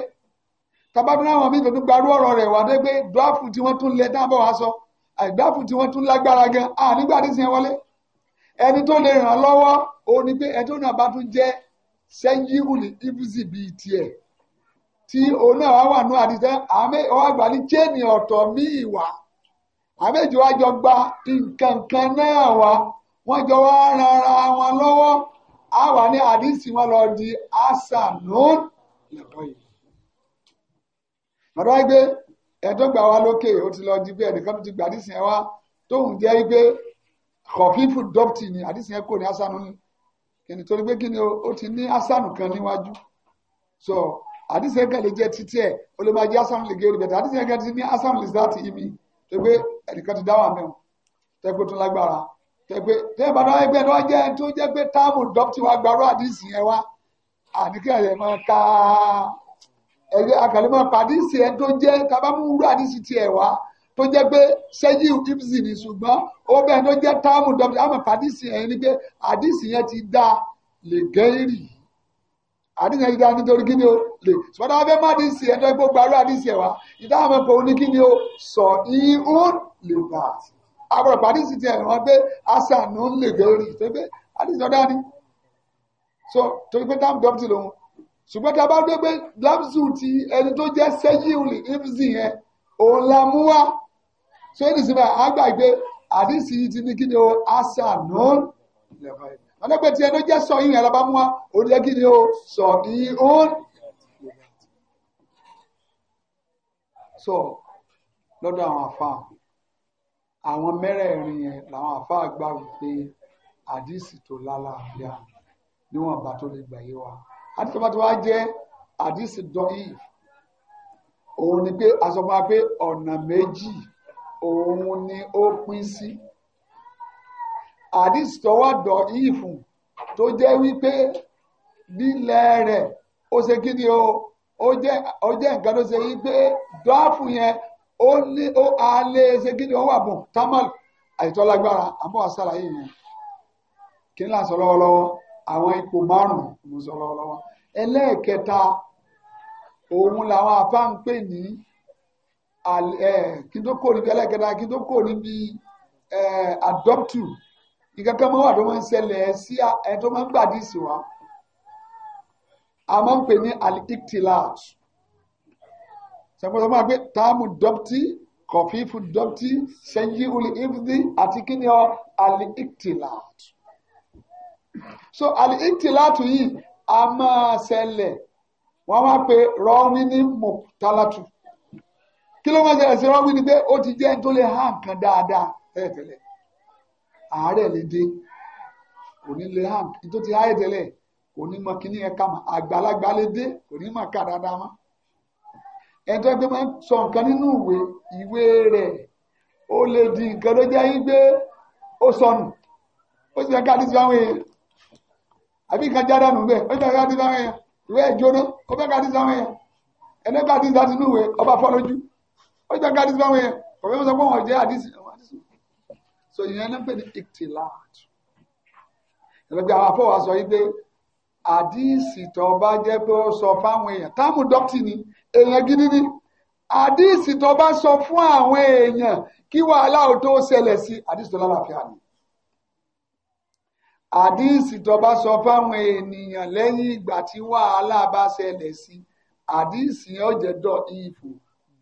tabadúrà àwọn míì tó gbarú ọ̀rọ̀ rẹ̀ wá dẹ́gbẹ́ dúráfù tí wọ́n tún lẹ dábọ̀ wá sọ àìdáàfù tí wọ́n tún lágbára gan àní gbàdísìn wọlé ẹni tó lè ràn lọ́wọ́ òun pé ẹni tó náà bá tún jẹ́ sẹ́ńjírùlì ibùsì bíi tiẹ̀ tí òun náà wà nù àdìsẹ́ àmì ọ̀gbà ní chéènì ọ̀tọ̀ míì wá àmẹ́jọ wa jọ gba nǹkan kan náà wá wọ́n jọ wá ran ara wọn lọ́wọ́ á wà ní àdìsí wọn lọ di asanun lẹ́kọ̀ọ́ yìí. ọ̀rọ̀ ẹgbẹ́ ẹ̀dọ́gba wa lókè ó ti lọ di pé ẹnìkan ti gba àdìsí yẹn wá tóun jẹ́ pé kọ̀fífù dọ́pítì ni àdìsí yẹn kò ní asanun lẹ́kọ̀ọ́ kíni torí pé kíni ó ti ní asanu kan níwájú so àdìsẹ́ kan lè jẹ́ títí ẹ̀ ó lè máa jẹ́ asanu lè gé orí bẹ̀tẹ̀ àdìsẹ́ kan ti ní asanu lè sáàtì ìmì tó pé ẹnìkan ti dá wà mẹ́wọ̀n tẹ́ pé tó lágbára tẹ́ pé tẹ́ bá dáwọ́ ẹgbẹ́ náà jẹ́ tó jẹ́ pé táàmù dọ́pítì wa gbàrú àdìsí yẹn wá àdìkẹ́ ẹ̀ máa ka ẹgbẹ́ àkàlẹ́ máa pàdísì ẹ̀ tó jẹ́ tábàmù wúrú àdìsí tiẹ̀ wá tó jẹ́ pé sẹ́yìn ibsen ni ṣùgbọ́n ó bẹ́ẹ̀ tó jẹ́ táàmù dọ́kítà àmọ̀ pàdísì yẹn ni pé àdísì yẹn ti dá lè gẹ́rì àdísì yẹn ti dá nítorí kí ni o lè ṣùgbọ́n táwọn fẹ́ má àdísì yẹn tó gbogbo àrùn àdísì yẹn wá ìdáhùn ọ̀pọ̀ òní kí ni o sọ ihun lè bà àbọ̀rọ̀ pàdísì ti ẹ̀rọ wọn pé àṣàánú lè gẹ́rì tó pé àdísì ọ̀dá ni so torí pé táàmù dọ́kítà lòun ṣùgbọ́n tá a bá dé pé lápsù ti ẹni tó jẹ́ sẹ́yìn ibsen yẹn òun la mú wá so ní sinmi àgbà gbé àdìsí yìí ti ní kí ni o àṣà náà wọn lọ pé tiẹ̀ ló jẹ́ sọ yìí yẹn lọ́ba mú wa òun yẹ kí ni o sọ yìí òun. so lọ́dọ̀ àwọn àfa àwọn mẹ́rẹ̀ẹ̀rin yẹn làwọn àfa gbà wípé àdìsí tó lálàáfíà níwọ̀n bá tó lè gbà yé wa àdìsí bá tó wá jẹ́ àdìsí dọ́ìf òun ni pé àsọpọ̀ pé ọ̀nà méjì òun ni ó pín sí àdìs tó wà dọ̀ ìfù tó jẹ́ wípé lílẹ̀ rẹ̀ ó ṣe kí ni o ó jẹ́ nǹkan tó ṣe wípé dọ́àfù yẹn ó ní ó alẹ́ ṣe kí ni ó wà bùn tamal àìtọ́lágbára àbọ̀ àṣàlàyé yẹn kí ni là sọ lọ́wọ́lọ́wọ́ àwọn ipò márùn mo sọ lọ́wọ́lọ́wọ́ ẹlẹ́ẹ̀kẹta òun làwọn afá ń pè ní kí n tó kó níbi ẹlẹ́kẹta kí n adoptu ìkankan mọ́ wà tó máa ń ṣẹlẹ̀ sí ẹ tó máa ń gbàdí sí wa a máa ń pè ní al-iktilat sọpọ́sọ́ máa gbé táàmù dọ́pítì kọ̀fífù dọ́pítì ṣẹ́yí ulì ìfúdí àti kíni ọ iktilat so al-iktilat yìí a máa ṣẹlẹ̀ wọ́n wá pé rọ́ọ̀mí ní mọ̀tálátù. kí ló máa ni pé ó ti jẹ́ tó lè há nǹkan dáadáa tẹ́lẹ̀ tẹ́lẹ̀ àárẹ̀ lè dé kò ní lè há nǹkan tó ti háyè tẹ́lẹ̀ kò ní mọ kíní àgbàlagbà lè dé kò ní dáadáa ẹ̀tọ́ máa ń sọ nǹkan nínú ìwé ìwé rẹ̀ di nǹkan jẹ́ yín gbé ó sọnù ó sì fẹ́ ká dísí àwọn èèyàn àbí nǹkan jáde nù bẹ́ẹ̀ ó sì fẹ́ ká dísí àwọn èèyàn ìwé ó jẹ́ ká àdìsí báwọn yẹn kọ̀wé wọn sọ pé wọn jẹ́ àdìsí so ìyẹn náà pè ní ictilat ìrọ̀gbẹ́ àwọn afọ́ wa sọ yìí pé àdìsí tó bá jẹ́ pé ó sọ fáwọn èèyàn táàmù dọ́kítì ni èèyàn gidi ni àdìsí tó bá sọ fún àwọn èèyàn kí wàhálà ò tó ṣẹlẹ̀ sí àdìsí tó lálàáfíà ni àdìsí tó bá sọ fáwọn ènìyàn lẹ́yìn ìgbà tí wàhálà bá ṣẹlẹ̀ sí àdìsí yẹn ó jẹ́ dọ̀ ìfò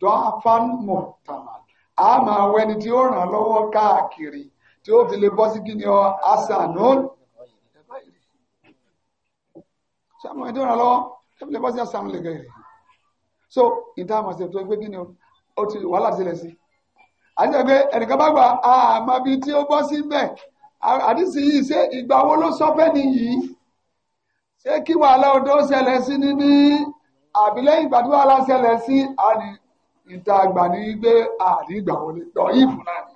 dọ́fán mọ̀tàmán a máa wọ ẹni tí ó ràn lọ́wọ́ káàkiri tí ó fi lè bọ́ sí kíni ọ asànú sàmù ẹni tí ó ràn lọ́wọ́ tí ó fi lè bọ́ sí asànú lè gẹ̀rẹ̀ so ìta àmọ̀ sí ètò ẹgbẹ́ kíni ó ti wàhálà sílẹ̀ sí àti ẹgbẹ́ ẹnìkan bá gbà àmọ́ bíi tí ó bọ́ sí bẹ́ẹ̀ àdìsí yìí ṣe ìgbà wo ló sọ fẹ́ nìyí ṣé kí wàhálà odò ṣẹlẹ̀ sí ni ní àbílẹ̀yìn ìgbàdúrà ṣẹlẹ̀ sí àní ìta àgbà ní gbé àní ìgbà wọlé tọ́ ìfún náà ni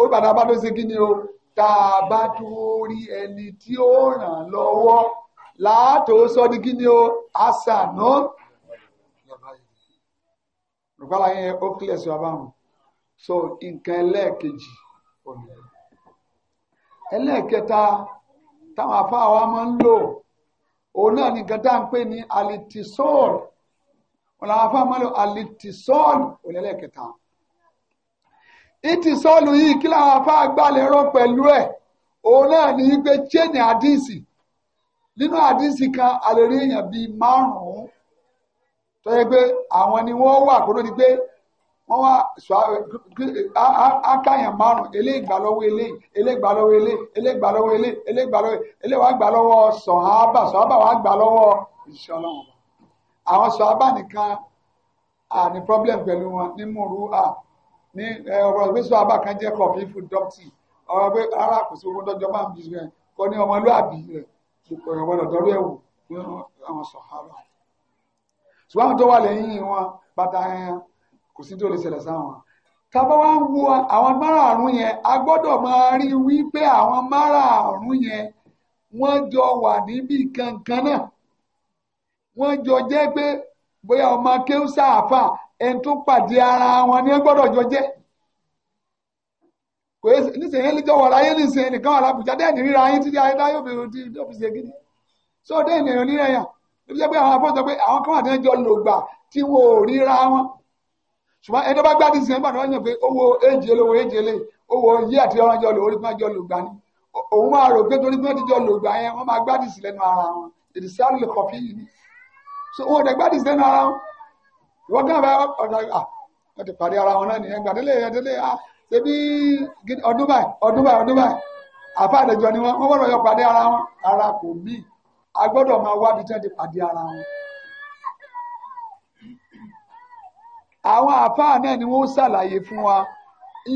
ó bàtà bá tó ṣe kí ni o tá a bá dúró rí ẹni tí ó ràn lọ́wọ́ láàtò sọ ní kí ni o àṣà náà yẹn ó kílẹ̀ sí wa so nǹkan ẹlẹ́ẹ̀kejì ẹlẹ́ẹ̀kẹta táwọn afáwa máa ń lò òun náà nìkan tá à ń pè ní alitisol wọn làwọn afọ àmọ́lò alitisọ́ọ̀lù òlẹ́lẹ́kẹta itisọ́ọ̀lù yìí kí làwọn afọ àgbàlérò pẹ̀lú ẹ̀ e, òun náà ní gbé chéènì àdìsí nínú àdìsí kan àlèrí èèyàn bíi márùn-ún tó yẹ pé àwọn ni wọ́n wà kó ló di pé wọ́n wá akáyàn márùn-ún eléyìí gbà lọ́wọ́ eléyìí eléyìí gbà lọ́wọ́ eléyìí eléyìí gbà lọ́wọ́ eléyìí eléyìí gbà lọ́wọ́ eléyìí wá gbà lọ́wọ́ àwọn sọ abánìkan àní problem pẹ̀lú wọn ní múru à ní ọ̀rọ̀ pé sọ abákan jẹ́ kọ̀ọ̀fì fún dọ́pítì ọ̀rọ̀ pé ara kò sí owó dọ́jọ́ máa ń bí rẹ̀ kọ́ ní ọmọlúàbí rẹ̀ ọ̀rọ̀ gbọ́dọ̀ dọ́rọ̀ ẹ̀wò ní àwọn sọ̀hárà ṣùgbọ́n àwọn tó wà lẹ́yìn wọn bàtà ẹ̀yàn kò sí tó lè ṣẹlẹ̀ sáwọn tábà wá ń wo àwọn márààrún yẹn a gbọ́dọ̀ máa rí wípé àwọn márààrún yẹn wọ́n jọ wà níbi kankan náà wọ́n jọ jẹ́ pé bóyá ọmọ kéwú sáàfà ẹni tó pàdé ara wọn ni wọ́n gbọ́dọ̀ jọ jẹ́ kò yẹ nísìnyí yẹn lẹ́jọ́ wọ̀ra yẹn nísìnyí nìkan wà lábùjá dẹ́ẹ̀ ní ríra yín títí ayé táyọ̀ bèrè yóò fi ṣe gidi so dẹ́ẹ̀ ní jẹ́ pé àwọn pé àwọn kan wà tí wọ́n ò ríra wọn ṣùgbọ́n ẹni tó bá gbádùn sí ẹgbàá wọn yàn pé owó èjì èjì ele owó yí àti ọ̀rọ̀ lò orí kan lò òun ti jọ lò gbà yẹn so wọn ò dẹ̀ gbádùn sẹ́nu ara wọn ìwọ kí wọn fẹ́ ọ̀dà à wọ́n ti parí ara wọn náà nìyẹn gbàdélé ẹ̀délé à ṣebí ọdún báyìí ọdún báyìí ọdún báyìí àfa àdéjọ ni wọn wọn gbọ́dọ̀ yọ pàdé ara wọn ara kò mí a gbọ́dọ̀ máa wá bí tẹ́lẹ̀ pàdé ara wọn. àwọn àfa náà ni wọ́n ṣàlàyé fún wa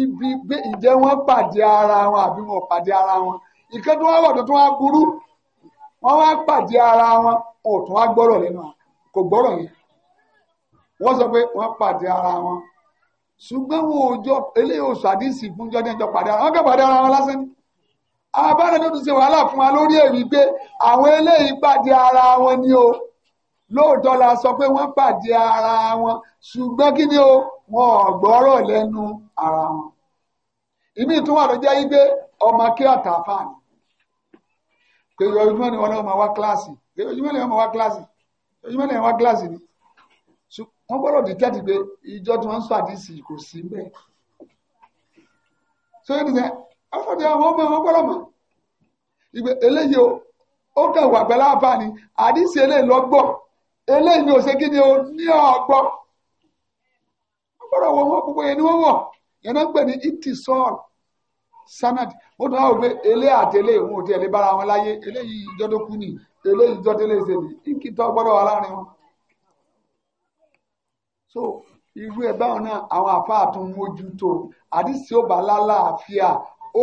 ibi pé ìjẹ́ wọ́n pàdé ara wọn àbí wọn pàdé ara wọn ìkẹ́ tó wá wọ̀ tó tó wá burú wọ́n wá pàdé ara wọn òtún wá gbọ́rọ̀ lẹ́nu àwọn kò gbọ́rọ̀ yẹn wọ́n sọ pé wọ́n pàdé ara wọn ṣùgbọ́n wo òjò eléyìí oṣù àdìsí fún jọ́dẹ́ jọ pàdé ara wọn kẹ́ pàdé ara wọn lásán ni abáná tó tún ṣe wàhálà fún wa lórí èyí pé àwọn eléyìí pàdé ara wọn ni o lóòótọ́ la sọ pé wọ́n pàdé ara wọn ṣùgbọ́n kí ni o wọn ò gbọ́rọ̀ lẹ́nu ara wọn ìmí ìtumọ̀ ló jẹ́ yí pé ọmọ kí àtàfà ni kèrè ojúmọ́ ni wọn náà máa wá kíláàsì kèrè ojúmọ́ ni wọn máa wá kíláàsì ojúmọ́ náà wá gíláàsì ni wọ́n gbọ́dọ̀ dìtẹ́tì pé ìjọ tí wọ́n ń sọ àdìsí kò sí bẹ́ẹ̀ so yẹn ti sẹ ọlọ́dẹ àwọn ọmọ wọn gbọ́dọ̀ mọ̀ ìgbé eléyìí o ó kàn wà àdìsí eléyìí lọ eléyìí ò ṣe kí ni o ní ọgbọ́ wọ́n wọ wọn gbogbo yẹn ni yẹn náà ń pè ní sanadi ó tún wá wò pé elé àti elé ìwọ̀n òtí ẹ̀lẹ́ bára wọn láyé eléyìí ìjọ tó kú ni eléyìí ìjọ tó lè ṣe ni kí tọ́ gbọ́dọ̀ wà láàrin wọn. so irú ẹ̀ báwọn náà àwọn àfáà tún mójútó àdìsí ó bá lálàáfíà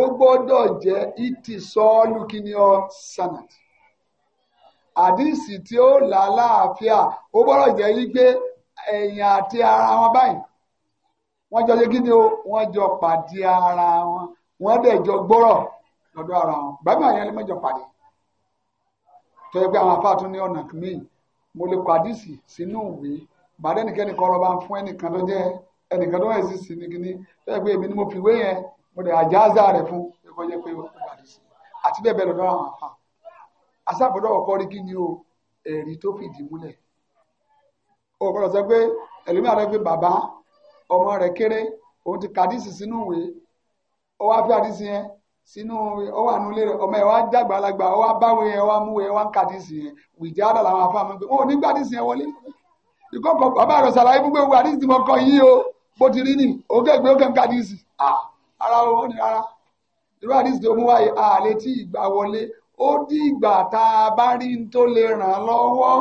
ó gbọ́dọ̀ jẹ́ ìtì sọ́ọ́lù kí ni ọ sanadi àdìsí tí ó lálàáfíà ó gbọ́dọ̀ jẹ́ wípé ẹ̀yìn àti ara wọn báyìí wọ́n jọ ṣe kí ni o wọ́n jọ pàdé ara wọn wọ́n dẹ̀ jọ gbọ́rọ̀ lọ́dọ̀ ara wọn bàbá yẹn lè mẹ́jọ pàdé tó yẹ pé àwọn afá tún ní ọ̀nà míì mo lè pàdísì sínú ìwé bàdé ẹnikẹ́ni kọ́ ọlọ́ba fún ẹnìkan tó jẹ́ ẹnìkan tó wẹ̀ sí sí nìkíní tó yẹ pé èmi ni mo fi ìwé yẹn mo lè àjáàzá rẹ̀ fún ẹ̀kọ́ jẹ́ pé pàdísì àti bẹ́ẹ̀ bẹ́ẹ̀ lọ́dọ̀ àwọn afá asábọ̀dọ̀ ọ̀kọ́ rí kí ni o ẹ̀rí tó fìdí múlẹ̀ o sọ pé ẹ̀lómi ó wá fi àdìsí yẹn sínú ó wà nílé rẹ ọmọ ẹ wá dàgbà alágbà ó wá báwo yẹn wá mú yẹn wá ń ka àdìsí yẹn wìjà àdà làwọn afáàmù pé wọn ò ní gbà àdìsí yẹn wọlé ìkọkọ bàbá rẹ sàlàyé fún pé wọ àdìsí tí mo kọ yìí o bó ti rí ni òkè gbé òkè ń ka àdìsí ara wọn ni rárá irú àdìsí tó mú wáyé àlè tí ìgbà wọlé ó dí ìgbà tá a bá rí n tó lè ràn lọ́wọ́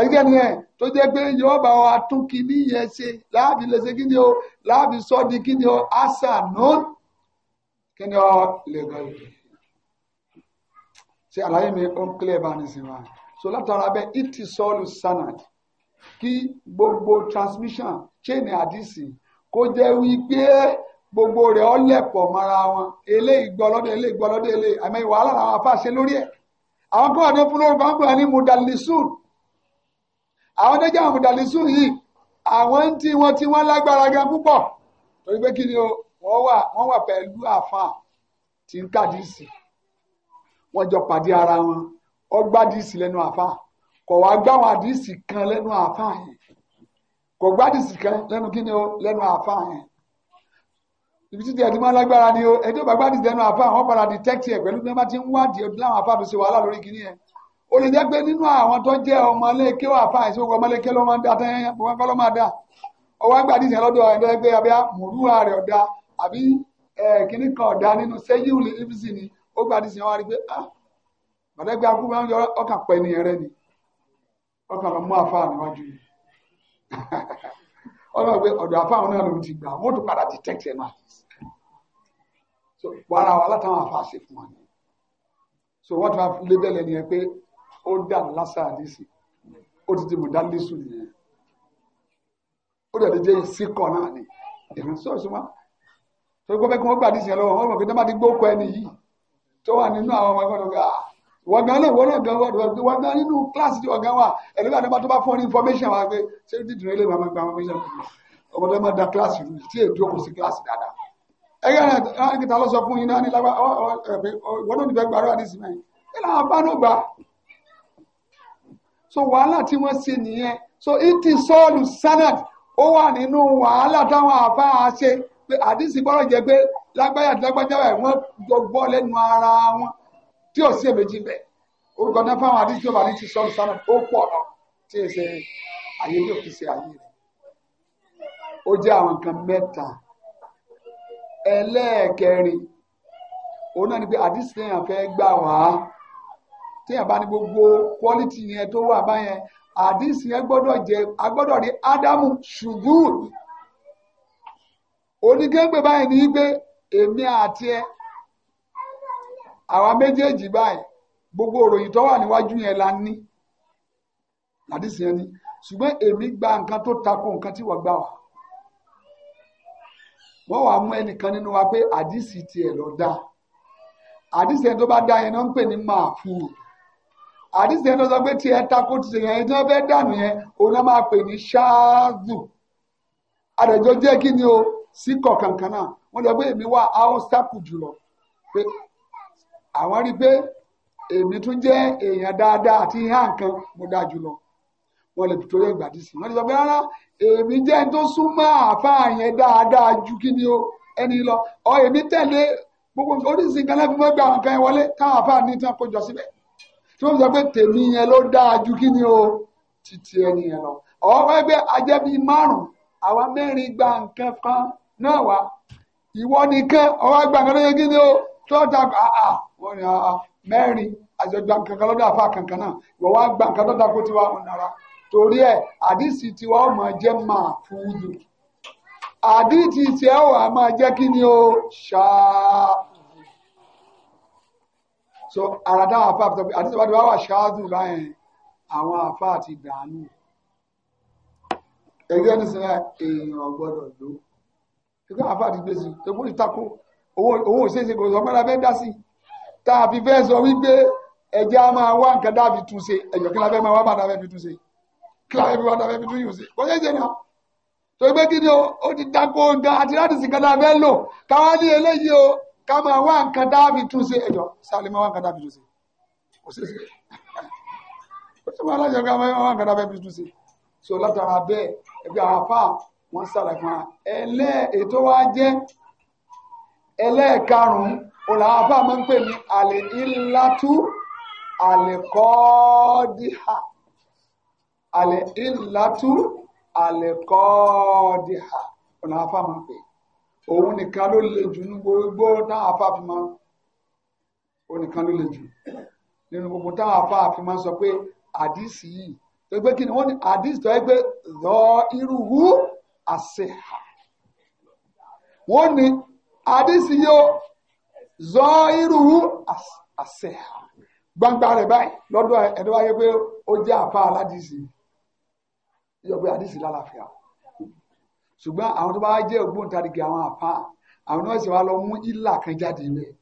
ẹgbẹ́ ẹ̀ tó jẹ́ pé yóò bá wa tún kíní yẹn ṣe láàbí lè ṣe kíni o láàbí sọ́ di kíni o àṣà náà kí ni ọ lè gbọ́ yìí ṣe àlàyé mi ó ń kílẹ̀ bá ní sinmi wa so látara bẹ́ẹ̀ iti sọ́ọ̀lù sanad kí gbogbo transmission chain àdìsí kó jẹ́ wípé gbogbo rẹ̀ ọ lẹ̀pọ̀ mọ́ra wọn eléyìí gbọ́ lọ́dọ̀ eléyìí gbọ́ lọ́dọ̀ eléyìí àmọ́ ìwàhálà làwọn afáṣe lórí ẹ̀ àwọn kan wà ní fúlọ́ọ̀rù kan gbọ́n ní mudalisun àwọn oníjà mudalisun yìí àwọn tí wọ́n tí wọ́n lágbára gan púpọ̀ torí pé kí ni o wọ́n wà wọ́n wà pẹ̀lú àfa tí ń kàdísì wọ́n jọ pàdé ara wọn ó gbádìsì lẹ́nu àfa kò wá gbáwọn àdìsì kan lẹ́nu àfa yẹn kò gbádìsì kan lẹ́nu kí ni o lẹ́nu àfa yẹn ibi títí ẹ̀dí máa lágbára ni o ẹ̀dí òbá gbádìsì lẹ́nu àfa àwọn padà dìtẹ́kítì ẹ̀ pẹ̀lú bí wọ́n bá ti ń wádìí ọdún láwọn àfa tó ṣe wàhálà lórí kìíní yẹn lè jẹ́ pé nínú àwọn tó jẹ́ ọmọléke wà fáà ìṣòwò ọmọléke ló máa ń dá tẹ́yẹ́ wọn ló máa dá ọwọ́ àgbàdìsì yẹn lọ́dọ̀ ẹ̀ àbí kíní kan ọ̀dà nínú sẹ́yìn ibùsùn ni ó gba àdìsí wọn wá rí pé ah bàdẹ́gbẹ́ akú máa ń yọ ọkàn pẹ́ ni ẹrẹ́ ni ọkàn lọ mú àfáà níwájú yìí ọlọ́run (laughs) pé ọ̀dọ̀ àfáà náà ló ti gbà wọ́n tún padà ti tẹ́tẹ́ náà so wàrà wa látàwọn àfáà ṣe fún wa ni so wọ́n tún lébẹ̀lẹ̀ ni ẹ pé ó dà lásà àdìsí ó ti di mọ̀dálẹ́sù nìyẹn ó dẹ̀ lè jẹ́ ìsíkọ̀ náà ni èmi sọ̀rọ̀ sọ́mọ́ tó gbọ́ bẹ́ẹ̀ kí wọ́n gbà dísìn lọ́wọ́ wọn mọ̀ pé dábàá ti gbókọ ẹni yìí tó wà nínú àwọn ọmọ ẹgbẹ́ náà wọ́n gan náà wọ́n náà gan wọ́n gan nínú kíláàsì tí wọ́n gan wà ẹ̀lẹ́gbẹ́ àdébà tó bá fún ọ ní information wa pé ṣé dídùn ilé màmá gba information ọmọ tó máa da kíláàsì rú tí èdè òkú sí kíláàsì dáadáa ẹgbẹ́ náà kìtà lọ sọ fún yín náà ní lágbá wọ́n náà nífẹ̀ẹ́ gbàrú àdìsí náà ẹ̀ náà bá náà gbà so wàhálà tí wọ́n ṣe nìyẹn so it is all sanad ó wà nínú wàhálà táwọn àbá ṣe pé àdìsí bọ́lá jẹ pé lágbáyà lágbájá ẹ̀ wọ́n jọ gbọ́ lẹ́nu ara wọn tí ò sí èméjì bẹ̀ orúkọ náà fáwọn àdìsí tó bá ní ti sọ sánà ó pọ̀ náà tí èsè ayé ní òfìsè ayé rẹ̀ ó jẹ́ àwọn nǹkan mẹ́ta ẹlẹ́ẹ̀kẹrin òun náà ni pé àdìsí téèyàn fẹ́ gbà wá téèyàn bá ní gbogbo quality yẹn tó wà báyẹn àdìsí yẹn gbọ́dọ̀ jẹ agbọ́dọ̀ rí ádámù ṣùgbọ́n onígẹ́gbẹ̀ báyìí ní pé èmi àti ẹ àwa méjèèjì báyìí gbogbo òròyìn tó wà níwájú yẹn la ní àdìsí yẹn ni ṣùgbọ́n èmi gba nǹkan tó tako nǹkan tí wọ́n gbà wá wọ́n wàá mú ẹnìkan nínú wa pé àdìsí tiẹ̀ lọ dá àdìsí yẹn tó bá dá yẹn náà ń pè ní máa fún un àdìsí yẹn tó sọ pé tiẹ̀ tako ti ṣe yẹn tí wọ́n fẹ́ dànù yẹn òun náà máa pè ní ṣáàzù àdàjọ jẹ́ kí ni o sí kọ̀ọ̀kankan náà wọ́n lọ pé èmi wà áwọ́sàkù jùlọ pé àwọn rí pé èmi tún jẹ́ èèyàn dáadáa àti ìhà nǹkan mo dáa jùlọ wọ́n lè torí ẹ̀gbà dì sí wọ́n lè sọ pé rárá èmi jẹ́ tó súnmọ́ àáfàá yẹn dáadáa ju kí ni o ẹni lọ ọ èmi tẹ̀lé gbogbo oríṣi nǹkan láti fẹ́ gba àwọn kan yẹn wọlé káwọn àáfàá ní tán kójọ síbẹ̀ tí wọ́n sọ pé tèmi yẹn ló dáa ju kí ni o títí ẹni yẹn lọ ọ̀ wọ́n gbé ajẹ́bí márùn-ún àwa mẹ́rin gba nǹkan kan náà wá ìwọ nìkan ọwọ́ gba nǹkan lóye gíní o tọ́ta àà ah, ah. wọ́n ní àà ah, mẹ́rin àjọgbà nǹkan kan lọ́dọ̀ àfa kankan náà ìwọ wá gba nǹkan tọ́ta kó tiwa ọ̀nàra torí ẹ̀ àdìsí tiwa ọmọ jẹ́ máa fúdù àdìsí tiẹ̀ wà máa jẹ́ kí o ṣáà so àràdá àfa àti àdìsí wa ti wá wà ṣáàdù láyẹn àwọn àfa àti dàánù ẹgbẹ́ ní sinmi èèyàn gbọ́dọ̀ lò ṣùgbọ́n àfa àti gbèsè epo ti tako owó owó òṣèṣe kò sọ mọ́ra fẹ́ dá sí tá a fi fẹ́ sọ wípé ẹjẹ́ a máa wá nǹkan dábì tún ṣe ẹ̀yọ̀ kí la fẹ́ máa wá bàtà fẹ́ fi tún ṣe kí la fẹ́ fi bàtà fẹ́ fi tún ṣe kò ṣeéṣe náà tó gbé kí ni ó ti tako nǹkan àti láti sìn kan tá a fẹ́ lò káwá ní eléyìí o ká máa wá nǹkan dábì tún ṣe ẹ̀yọ̀ sálẹ̀ máa wá nǹkan dábì tún ṣe kò ṣeéṣe so látara bẹ́ẹ̀ ẹgbẹ́ àwọn afá wọ́n sàlàyé fún wa ẹlẹ́ ètò wa jẹ́ ẹlẹ́ẹ̀karùn-ún òun làwọn afá máa ń pè ní àlè ìlàtú àlè kọ́ọ́díhà àlè ìlàtú àlè kọ́ọ́díhà òun làwọn afá máa ń pè òun nìkan ló le jù ní gbogbo táwọn afá fi máa òun nìkan ló le jù nínú gbogbo táwọn afá fi máa sọ pé àdìsí yìí tó gbé kíni wọ́n ní àdìsí tó yẹ pé lọ irú hu àṣehà wọ́n ní àdìsí yóò zọ irú hu àṣehà gbangba rẹ̀ báyìí lọ́dọ̀ ẹni wáyé pé ó jẹ́ àfa aládìsí yóò pé àdìsí lálàáfíà ṣùgbọ́n àwọn tó bá jẹ́ ògbóǹtarìgì àwọn àfa àwọn náà sì wá lọ mú ìlà kan jáde rẹ̀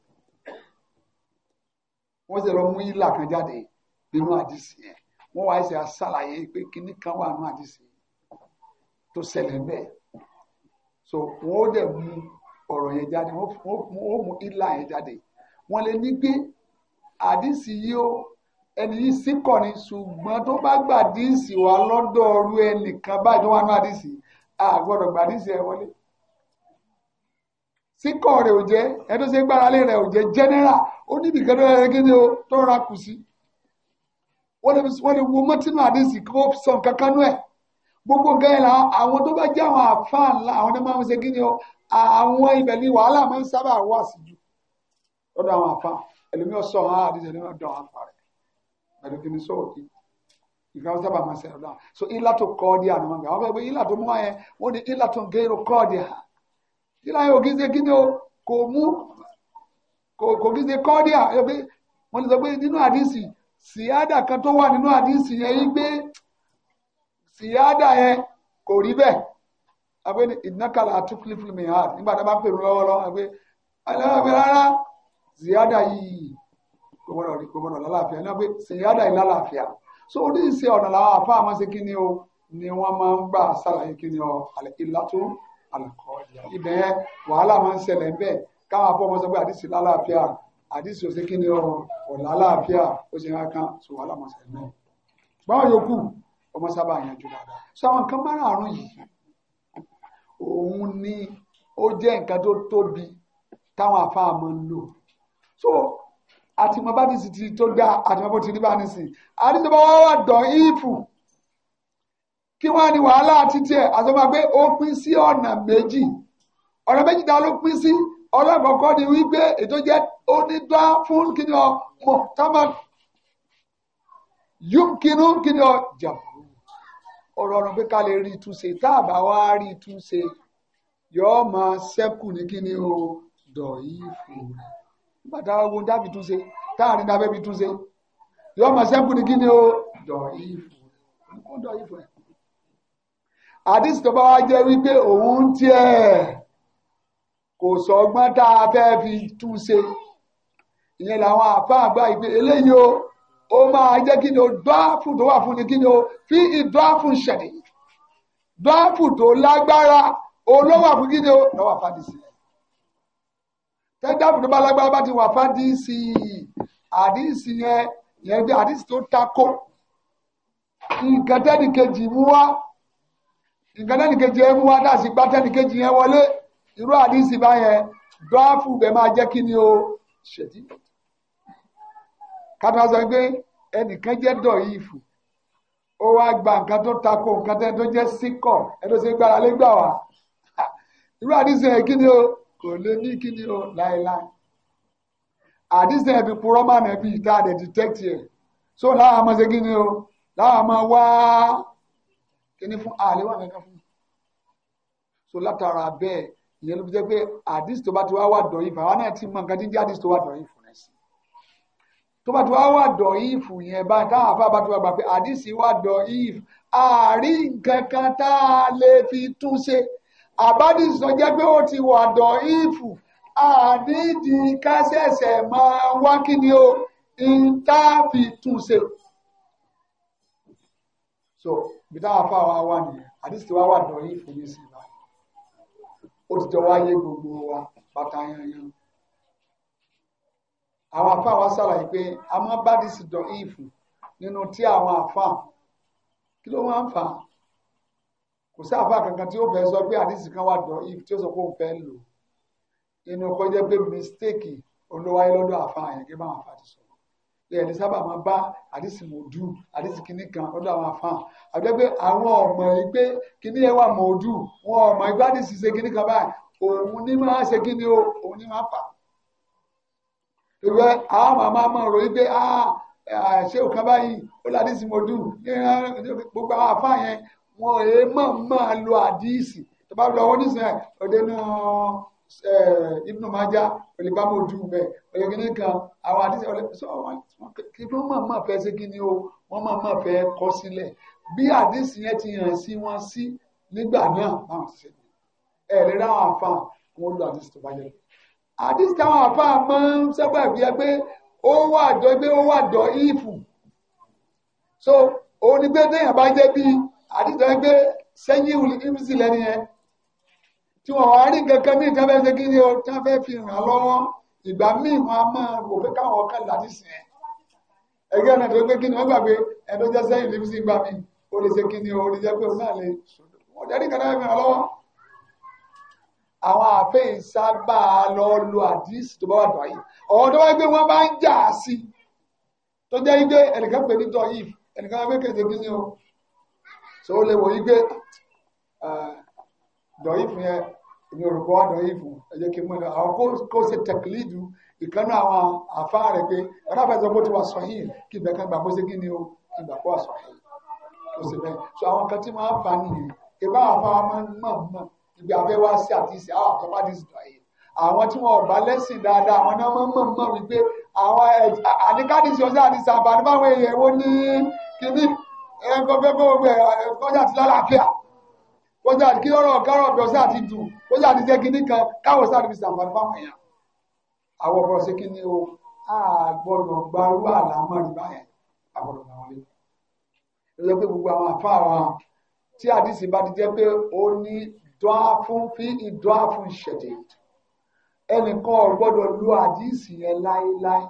wọ́n sì lọ mú ìlà kan jáde nínú àdìsí yẹn wọ́n wá ṣe àṣàlàyé pé kinní kan wà nù àdìsí tó ṣẹlẹ̀ bẹ́ẹ̀ so wọ́n ó dẹ̀ mú ọ̀rọ̀ yẹn jáde wọ́n ó mú ìlà yẹn jáde wọ́n lè ní gbé àdìsí yìí ó ẹni yìí sí kọ̀ ni ṣùgbọ́n tó bá gba àdìsí wa lọ́dọ̀ ọ̀rú ẹnìkan báyìí tó wà nù àdìsí a gbọ́dọ̀ gba ẹ wọlé síkọ̀ rẹ̀ ò jẹ́ ẹni tó ṣe gbára lé rẹ̀ ò jẹ́ general ó níbi kan tó yẹ kí ni o tó rà kù sí wọ́n lè wo mọ́tínú àdéhùn kó sọ kankan nú ẹ̀ gbogbo nǹkan yẹn la àwọn tó bá jẹ́ àwọn àfáà ńlá àwọn tó máa ń ṣe kí ni o àwọn ibẹ̀ ni wàhálà máa ń sábà wà sí jù lọ́dọ̀ àwọn àfáà ẹlòmíràn sọ àwọn àdéhùn ẹlòmíràn dán àwọn àfáà rẹ̀ pẹ̀lú kí ni sọ̀rọ̀ kí ìgbàlódé sábà máa ń ṣẹlẹ̀ so ilà tó kọ́ ọ́ di àná wọn gbà wọ́n fẹ́ pé ilà tó mú wáyẹn wọ́n ní ilà tó ń gé irun ni o kò mú sọ pé nínú àdìsí síyáàdà kan tó wà nínú àdísì yẹn yí gbé síyáàdà yẹn kò rí bẹ́ẹ̀ àgbẹ̀ ìdínákàlà àtúkìlìfìlì mìíràn nígbà tá a bá pèrò lọ́wọ́lọ́wọ́ àgbẹ̀ rárá síyáàdà yìí kò gbọ́dọ̀ rí kò gbọ́dọ̀ lálàáfíà so oríṣi ọ̀nà làwọn àfa kí ni o ni wọ́n máa ń gbà sàlàyé kí ni ọ ìlàtú àlùkò wàhálà máa ń ṣẹlẹ̀ káwọn pé àdìsí lálàáfíà àdìsí òsè kí ni ọ̀rọ̀ ọ̀là aláàfíà ó ṣe ń kan sọ wàhálà mọ̀sẹ̀ náà báwọn yòókù ọmọ sábà yanjú dáadáa sọ àwọn nǹkan márààrún yìí òun ni ó jẹ́ nǹkan tó tóbi táwọn àfáà máa ń lò so àtìmọ́ bá ti sì ti tó dá àtìmọ́ bó ti rí bá ní sí àdìsí bá wá wà dán ìfù kí wọ́n á ní wàhálà títí ẹ̀ àti ọmọ pé ó pín sí ọ̀nà méjì ọ̀nà méjì ta ló pín sí ọlọ́kọ̀ọ́kọ́ ni wípé ètò jẹ́ onídọ́ fún kíni ọ mọ̀ tábà yún kínú kíni ọ jàmbá ọ̀rọ̀ ọ̀rọ̀ pé ká lè rí ìtúnṣe tá a bá wá rí ìtúnṣe yọ́ọ́ máa ṣẹ́kù ní kíni o dọ̀ yìí fún un nígbà tá a wo dábì túnṣe tá a rí dábẹ́ bí túnṣe yọ́ọ́ máa ṣẹ́kù ní kíni o dọ̀ yìí fún un dọ̀ yìí fún àdìsí tó bá wá jẹ́ wípé òun tiẹ̀ kò sọgbọ́n tá a fẹ́ fi tún ṣe ìyẹn làwọn àfáà gbà ìpè eléyìí o ó máa jẹ́ kí ni o dọ́àfù tó wà fún ni kí ni o fi ìdọ́àfù ṣẹ̀dí dọ́àfù tó lágbára olówà fún kí ni o lọ́wọ́ àfáàdì sí i tẹ́jáfù tó bá lágbára bá ti wà fáàdì sí i àdìsí yẹn yẹn bí àdìsí tó takò nǹkan tẹ́nìkejì mú wá nǹkan tẹ́nìkejì yẹn mú wá dá gbá tẹ́nìkejì yẹn wọlé irú àdìsí báyẹn dọ́àfù bẹ́ẹ̀ máa jẹ́ kí ni o ṣètì kátà sọ pé ẹnìkan jẹ́ dọ̀yìfù ó wá gba nǹkan tó tako nǹkan tẹ́ tó jẹ́ síkọ̀ ẹni ṣe gbára lé gbà wá irú àdìsí yẹn kí ni o kò lè ní kí ni o láéláé àdìsí yẹn fi purọ́ máa nà ìta àdè dìtẹ́kìtì ẹ̀ so láwọn máa ṣe kí ni o láwọn máa wá kí ni fún àlè wà nǹkan fún so látara bẹ́ẹ̀ ìyẹn ló fi jẹ́ pé àdìsí tó bá ti wá wà dọ̀yìn fún àwa náà ti mọ nǹkan tí ń jẹ́ àdìsí tó wà dọ̀yìn fún rẹ̀ sí tó bá ti wá wà dọ̀yìn fún yẹn báyìí táwọn afá bá ti wá gbà pé àdìsí wà dọ̀yìn àárí nǹkan kan tá a lè fi tún ṣe àbádìsí tó jẹ́ pé ó ti wà dọ̀yìn fún àdídìí ká máa wá kí ni o ìta fi tún ṣe so bí táwọn afá wa wà nìyẹn àdìsí tó wá wà dọ̀yìn fún yẹn sí ó ti jọ wáyé gbogbo wa bàtà yanyan àwọn afa wa ṣàlàyé pé a máa bá dìsí dọ̀ ìfù nínú tí àwọn afa kí ló máa ń fà á kò sí àfa kankan tí ó fẹ́ sọ pé àdìsí kan wà dọ̀ ìfù tí ó sọ pé òun fẹ́ lò inú kọjá pé mistake olówáyé lọ́dọ̀ àfa yẹn kí báwọn afa ti sọ ẹni sábà máa bá àdìsí mòdù àdìsí kìíní kan lọ́dọ̀ àwọn afáàn àbẹ́gbẹ́ àwọn ọmọ ẹgbẹ́ kìíní ẹwà mòdù wọn ọmọ ẹgbẹ́ àdìsí ṣe kìíní kan báyìí òun ní máa ṣe kìíní o òun ní máa fà. ìwé àwọn màmá máa ròyìn pé ṣé òkan báyìí ó lọ àdìsí mòdù gbogbo àwọn afáàn yẹn wọn èé máa máa lo àdìsí tó bá lọ wọn nísìnyẹn òde náà. Eh, Ibn Majah olùbámojú bẹ̀ ọ̀yọ̀gẹ́nẹ́ kan àwọn àdìsí ọ̀lẹ́sọ̀ kí wọ́n máa máa fẹ́ ṣe kí ni o wọ́n máa máa fẹ́ kọ́ sílẹ̀ bí àdìsí yẹn ti hàn sí wọn sí nígbà náà máa ń ṣe ẹ̀ lè ráwọn àfa wọn lu àdìsí tó bá yẹ. àdìsí táwọn àfa máa ń sábà fi ẹ pé ó wà dọ́ pé ó wà dọ́ ìfù so òun ni pé téèyàn bá jẹ́ bí àdìsí tó yẹ pé sẹ́yìn ìmùsìn lẹ́ni tí wọ́n wá rí kankan míì tí wọ́n fẹ́ ṣe kí ni o tí wọ́n fẹ́ fi ràn lọ́wọ́ ìgbà míì wọn a máa wò pé káwọn kan láti sìn ẹ́ ẹgbẹ́ ọ̀nà tó gbé kí ni wọ́n gbàgbé ẹni tó jẹ́ sẹ́yìn lè fi sí gbà mí o lè ṣe kí ni o lè jẹ́ pé òun náà lè wọ́n jẹ́ rí kankan míì lọ́wọ́. àwọn àfẹ́ ìsábà lọ lo àdìsí tó bá wà dọ̀ yìí ọ̀hún tó wáyé pé wọ́n bá ń jà sí tó jẹ́ igbe ẹnìkan pè ní tọ́ yìí ẹnìkan wọ́n kéde kí ni o so lè wò igbe dọ̀ fún yẹn èmi ò rò pé ọ̀dọ̀ ìfún ẹ jẹ́ kí n mọ̀ ní àwọn kó ṣe tẹ̀kílídù ìkànnì àwọn àfa rẹ̀ pé ọlọ́fẹ̀sọ bó ti wà sọ yìí kí ìbẹ̀kan gbà bó ṣe kí ni o kí ìgbà kó wà yìí ó sì bẹ́ẹ̀ so àwọn kan tí máa ń fa nìyẹn ìbá àfa máa ń mọ̀ mọ̀ ibi abẹ́ wá sí àti ìsìn àwọn àtọ́pá ti sùn àyè àwọn tí wọn ò bá lẹ́sìn dáadáa àwọn náà máa ń mọ̀ mọ̀ wípé àwọn àníkádìsí ọjọ́ àti sàǹfààní èèyàn wo ní kíní ẹ̀ńkọ́gbẹ́gbẹ́ gbogbo ẹ̀ ti lálàáfíà kọjá àti kí ọ̀rọ̀ kọ́rọ̀ ọ̀dọ̀ sí àti dùn kọjá àti jẹ́ kínní kan káwọ̀ sí àti fi sàǹfààní fáwọn èèyàn àwọn ọ̀rọ̀ sí kínní o àgbọ̀dọ̀ gbarú àlámọ́rin báyẹn àgbọ̀dọ̀ gbà wọlé lọ pé gbogbo àwọn àfa àwọn tí àdìsí bá ti jẹ́ pé ó ní dọ́á fún fi ìdọ́á fún ìṣẹ̀dẹ̀ ẹnìkan ọ̀gbọ́dọ̀ lo àdìsí yẹn láéláé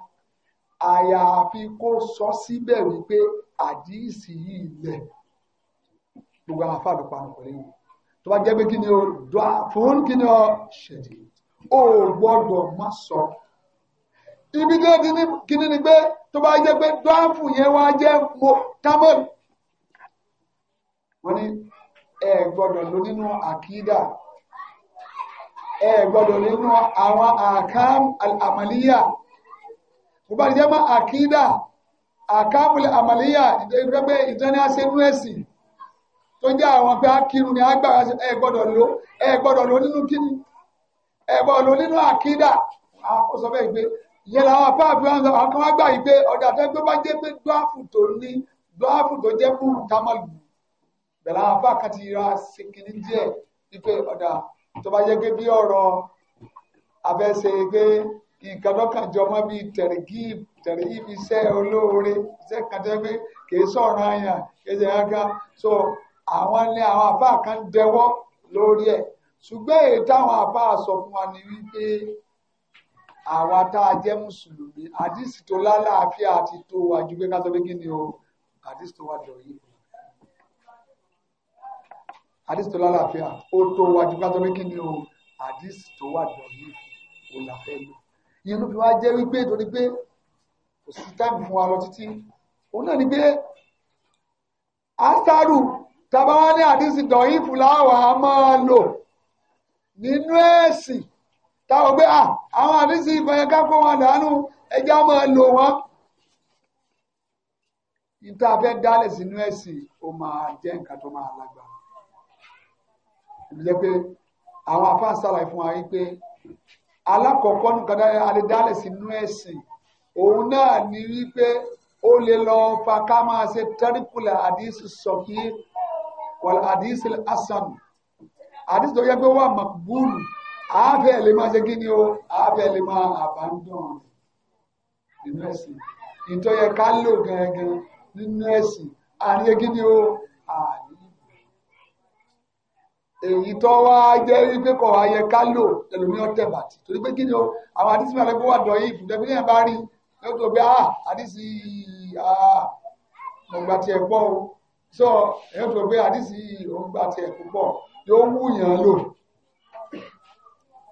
àyàfi kó sọ síbẹ̀ wípé àdìsí yìí lẹ̀ gbogbo àwọn àfa àdùpàdùpọ̀ lẹ́yìn tó bá jẹ́ pé kí ni o dùà fún kí ni o ṣèdí o gbọ́dọ̀ má sọ. ibi tó ti ní kí ni ni pé tó bá jẹ́ pé dùà fún yẹn wá jẹ́ mo tamọ́n. wọ́n ní ẹ gbọ́dọ̀ lò nínú àkídà ẹ gbọ́dọ̀ lò nínú àwọn àkàm àmàlíyà bó bá jẹ́ mọ́ àkídà àkàm àmàlíyà ìgbẹ́gbẹ́ ìtọ́ni ẹ̀sìn tó jẹ́ àwọn pé akírun ni agbára ẹ gbọ́dọ̀ lò ẹ gbọ́dọ̀ lò nínú kíni ẹ gbọ́dọ̀ lò nínú àkídà ó sọ bẹ́ẹ̀ pé ìyẹn làwọn apáàfin wọn sọ àwọn kan wá gbà yìí pé ọ̀dà tẹ́ gbé bá jẹ́ pé dọ́àfù tó ní dọ́àfù tó jẹ́ búrú támọ̀lù bẹ̀rẹ̀ àwọn apá kan ti ra sìnkìní díẹ̀ wípé ọ̀dà tó bá jẹ́ pé bí ọ̀rọ̀ abẹ́sẹ̀ pé nǹkan lọ́kàn jọmọ́ bíi tẹ̀rẹ̀gíìb tẹ̀rẹ̀gíìb iṣẹ́ olóore iṣẹ́ kan tẹ́ pé kì í sọ̀rọ̀ àyàn kì í ṣe àwọn ni àwọn àbá kan dẹwọ́ lórí ẹ̀ ṣùgbọ́n èyí táwọn àbá sọ fún wa ni wípé àwa tá a jẹ́ mùsùlùmí àdìsí tó lálàáfíà àti tó wà ju pé ká sọ pé kí ni o àdìsí tó wà jọ yìí àdìsí tó lálàáfíà ó tó wà ju ká sọ pé kí ni o àdìsí tó wà jọ yìí kò là fẹ́ lò ìyẹn ló fi wá jẹ́ wípé torí pé kò sí táìmù fún wa lọ títí òun náà ni pé asaru tàbá wá ní àdísì dọ̀yìnfù láwà á máa lò nínú ẹ̀sìn táwọn gbé à àwọn àdísì ìfọyín ká kó wọn dànù ẹjẹ́ á máa lò wọ́n. níta fẹ́ dálẹ̀ sínú ẹ̀sìn ó máa jẹ́ nǹkan tó máa lágbára. ìlú pé àwọn afáàn sàlàyé fún wa wípé alákọ̀ọ́kọ́ nìkan adédálẹ̀ sínú ẹ̀sìn òun náà ní wípé ó lè lọ fa ká máa ṣe tẹ́ríkùlà àdísù sọ̀kí wọ́n àdìsí asan àdìsí tó yẹ pé wà mọ̀kúbúlù àáfẹ́ lè máa ṣe kí ni o àáfẹ́ lè máa àbándọ̀n nínú ẹ̀sìn ìtọ́yẹ ká lò gẹ́gẹ́ nínú ẹ̀sìn àárín kí ni o àárín èyí tó wá jẹ́ wípé kọ̀ wá yẹ ká lò ẹlòmíràn tẹ̀ bàtì torí pé kí ni o àwọn àdìsí máa lẹ́gbẹ́ wà dọ̀yìn ìfúndẹ́bí yẹn bá rí yóò tó gbé àdìsí àgbàtì ẹ̀gbọ́n o. so ẹ tó pé àdìsí ògbà tiẹ̀ púpọ̀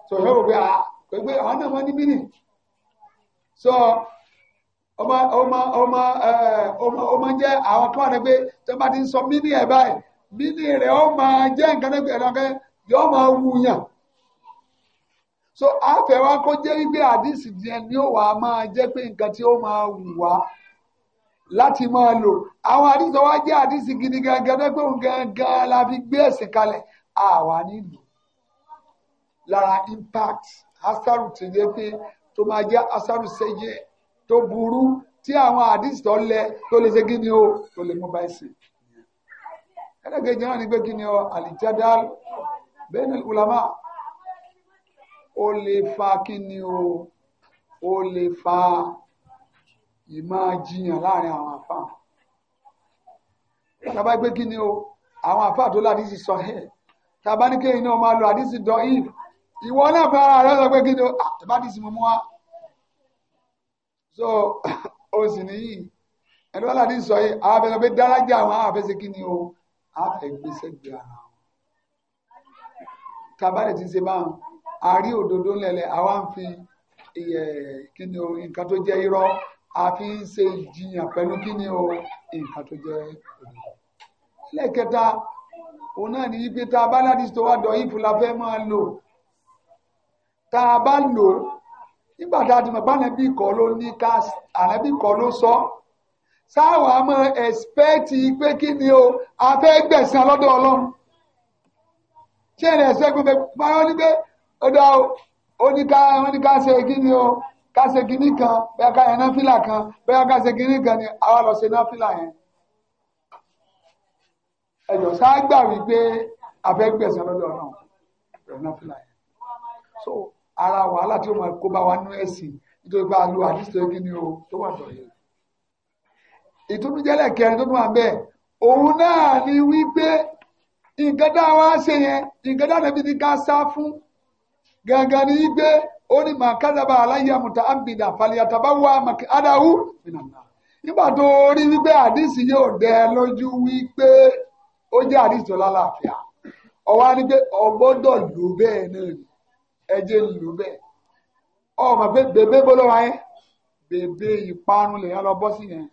so yóò a ah, pé àwọn náà máa ní mínì so ọmọ ọmọ ọmọ ọmọ ọmọ jẹ àwọn kan rẹ pé tí sọ mínì ẹ báyìí mínì rẹ ọ máa jẹ nǹkan tó gbé ẹ yóò máa so kó wípé àdìsí ni ó wà á máa pé nǹkan tí láti máa lò àwọn àdìsọ wa jẹ́ àdìsí gidi gangan tó pé òun gangan la fi gbé ẹ̀sìn kalẹ̀ àwa nílò lára impact asaru ti dé pé tó máa jẹ́ asaru sẹ́yẹ tó burú tí àwọn àdìsí tó lẹ tó lè ṣe kí o tó lè mú báyìí sí. ẹlẹ́gẹ̀ẹ́ náà ni pé kí o àlìjáde bẹ́ẹ̀ ulama ó lè fa kí ni o lè fa ìmáa jiyàn láàrin àwọn àfáà tàbá gbé kí ni o àwọn àfáà tó ládìsí sọ ẹ tàbá ní kéyìn náà máa lo àdìsí dọ if ìwọ náà fún ara rẹ sọ pé kí ni o tàbá àdìsí mọ mọ wa so (laughs) o sì níyì ẹni wọn ládìsí sọ yìí àwọn pé dárájà àwọn àfẹsẹ kí ni o àfẹgbẹsẹ gbé ara wọn tàbá lè ti ṣe báwọn àrí òdodo ńlẹlẹ àwa ń fi kí ni o nǹkan tó jẹ irọ́. a fi ń ṣe ìjiyàn pẹ̀lú kí ni o nǹkan tó jẹ́ òdodo. ẹlẹ́kẹta òun náà ní ibi tá a bá láti tó wá dọ̀ ìfù la fẹ́ máa lò tá a bá lò nígbà tá a ti mọ̀ pánàbí kọ́ ló ní ká ànábì kọ́ ló sọ sáwọn a máa ẹ̀spẹ́ẹ̀tì pé kí ni o a fẹ́ gbẹ̀sìn alọ́dọ̀ ọlọ́run ṣé ẹ̀rẹ̀ ẹ̀sẹ̀ gbogbo báyọ̀ ní pé ó dá o ṣe kí ni o. ká ṣe kinní kan bẹ́ẹ̀ ká yẹn náfìlà kan bẹ́ẹ̀ ká ṣe kinní kan ni àwa lọ ṣe náfìlà yẹn. ẹ̀jọ̀ sáà gbà wípé àfẹ́gbẹ̀sán lọ́dọ̀ náà bẹ̀rẹ̀ náfìlà yẹn. so ara wàhálà tí ó máa kó bá wa nú ẹ̀sìn nítorí pé a lo àdìsí kí ni o tó wà tọ̀ yẹn. ìtúndújẹ́lẹ̀ kẹrin tó tún wà bẹ́ẹ̀ òun náà ni wípé nǹkan tá a wá ṣe yẹn nǹkan tá a nàbí ni ká sá fún gangan ni wípé ó ní màá kádàbà aláyàmùtà àbìdà fàlìyàtàbáwá adáwú ìnànà nígbà tó rí wípé àdìsí yóò dẹ lójú wípé ó jẹ́ àdìsí tó lálàáfíà ọwọ́ á ní pé ọgbọ́dọ̀ lù bẹ́ẹ̀ náà ni ẹjẹ́ lù bẹ́ẹ̀ ọmọ ma pe bebe lọ bọ́ sí yẹn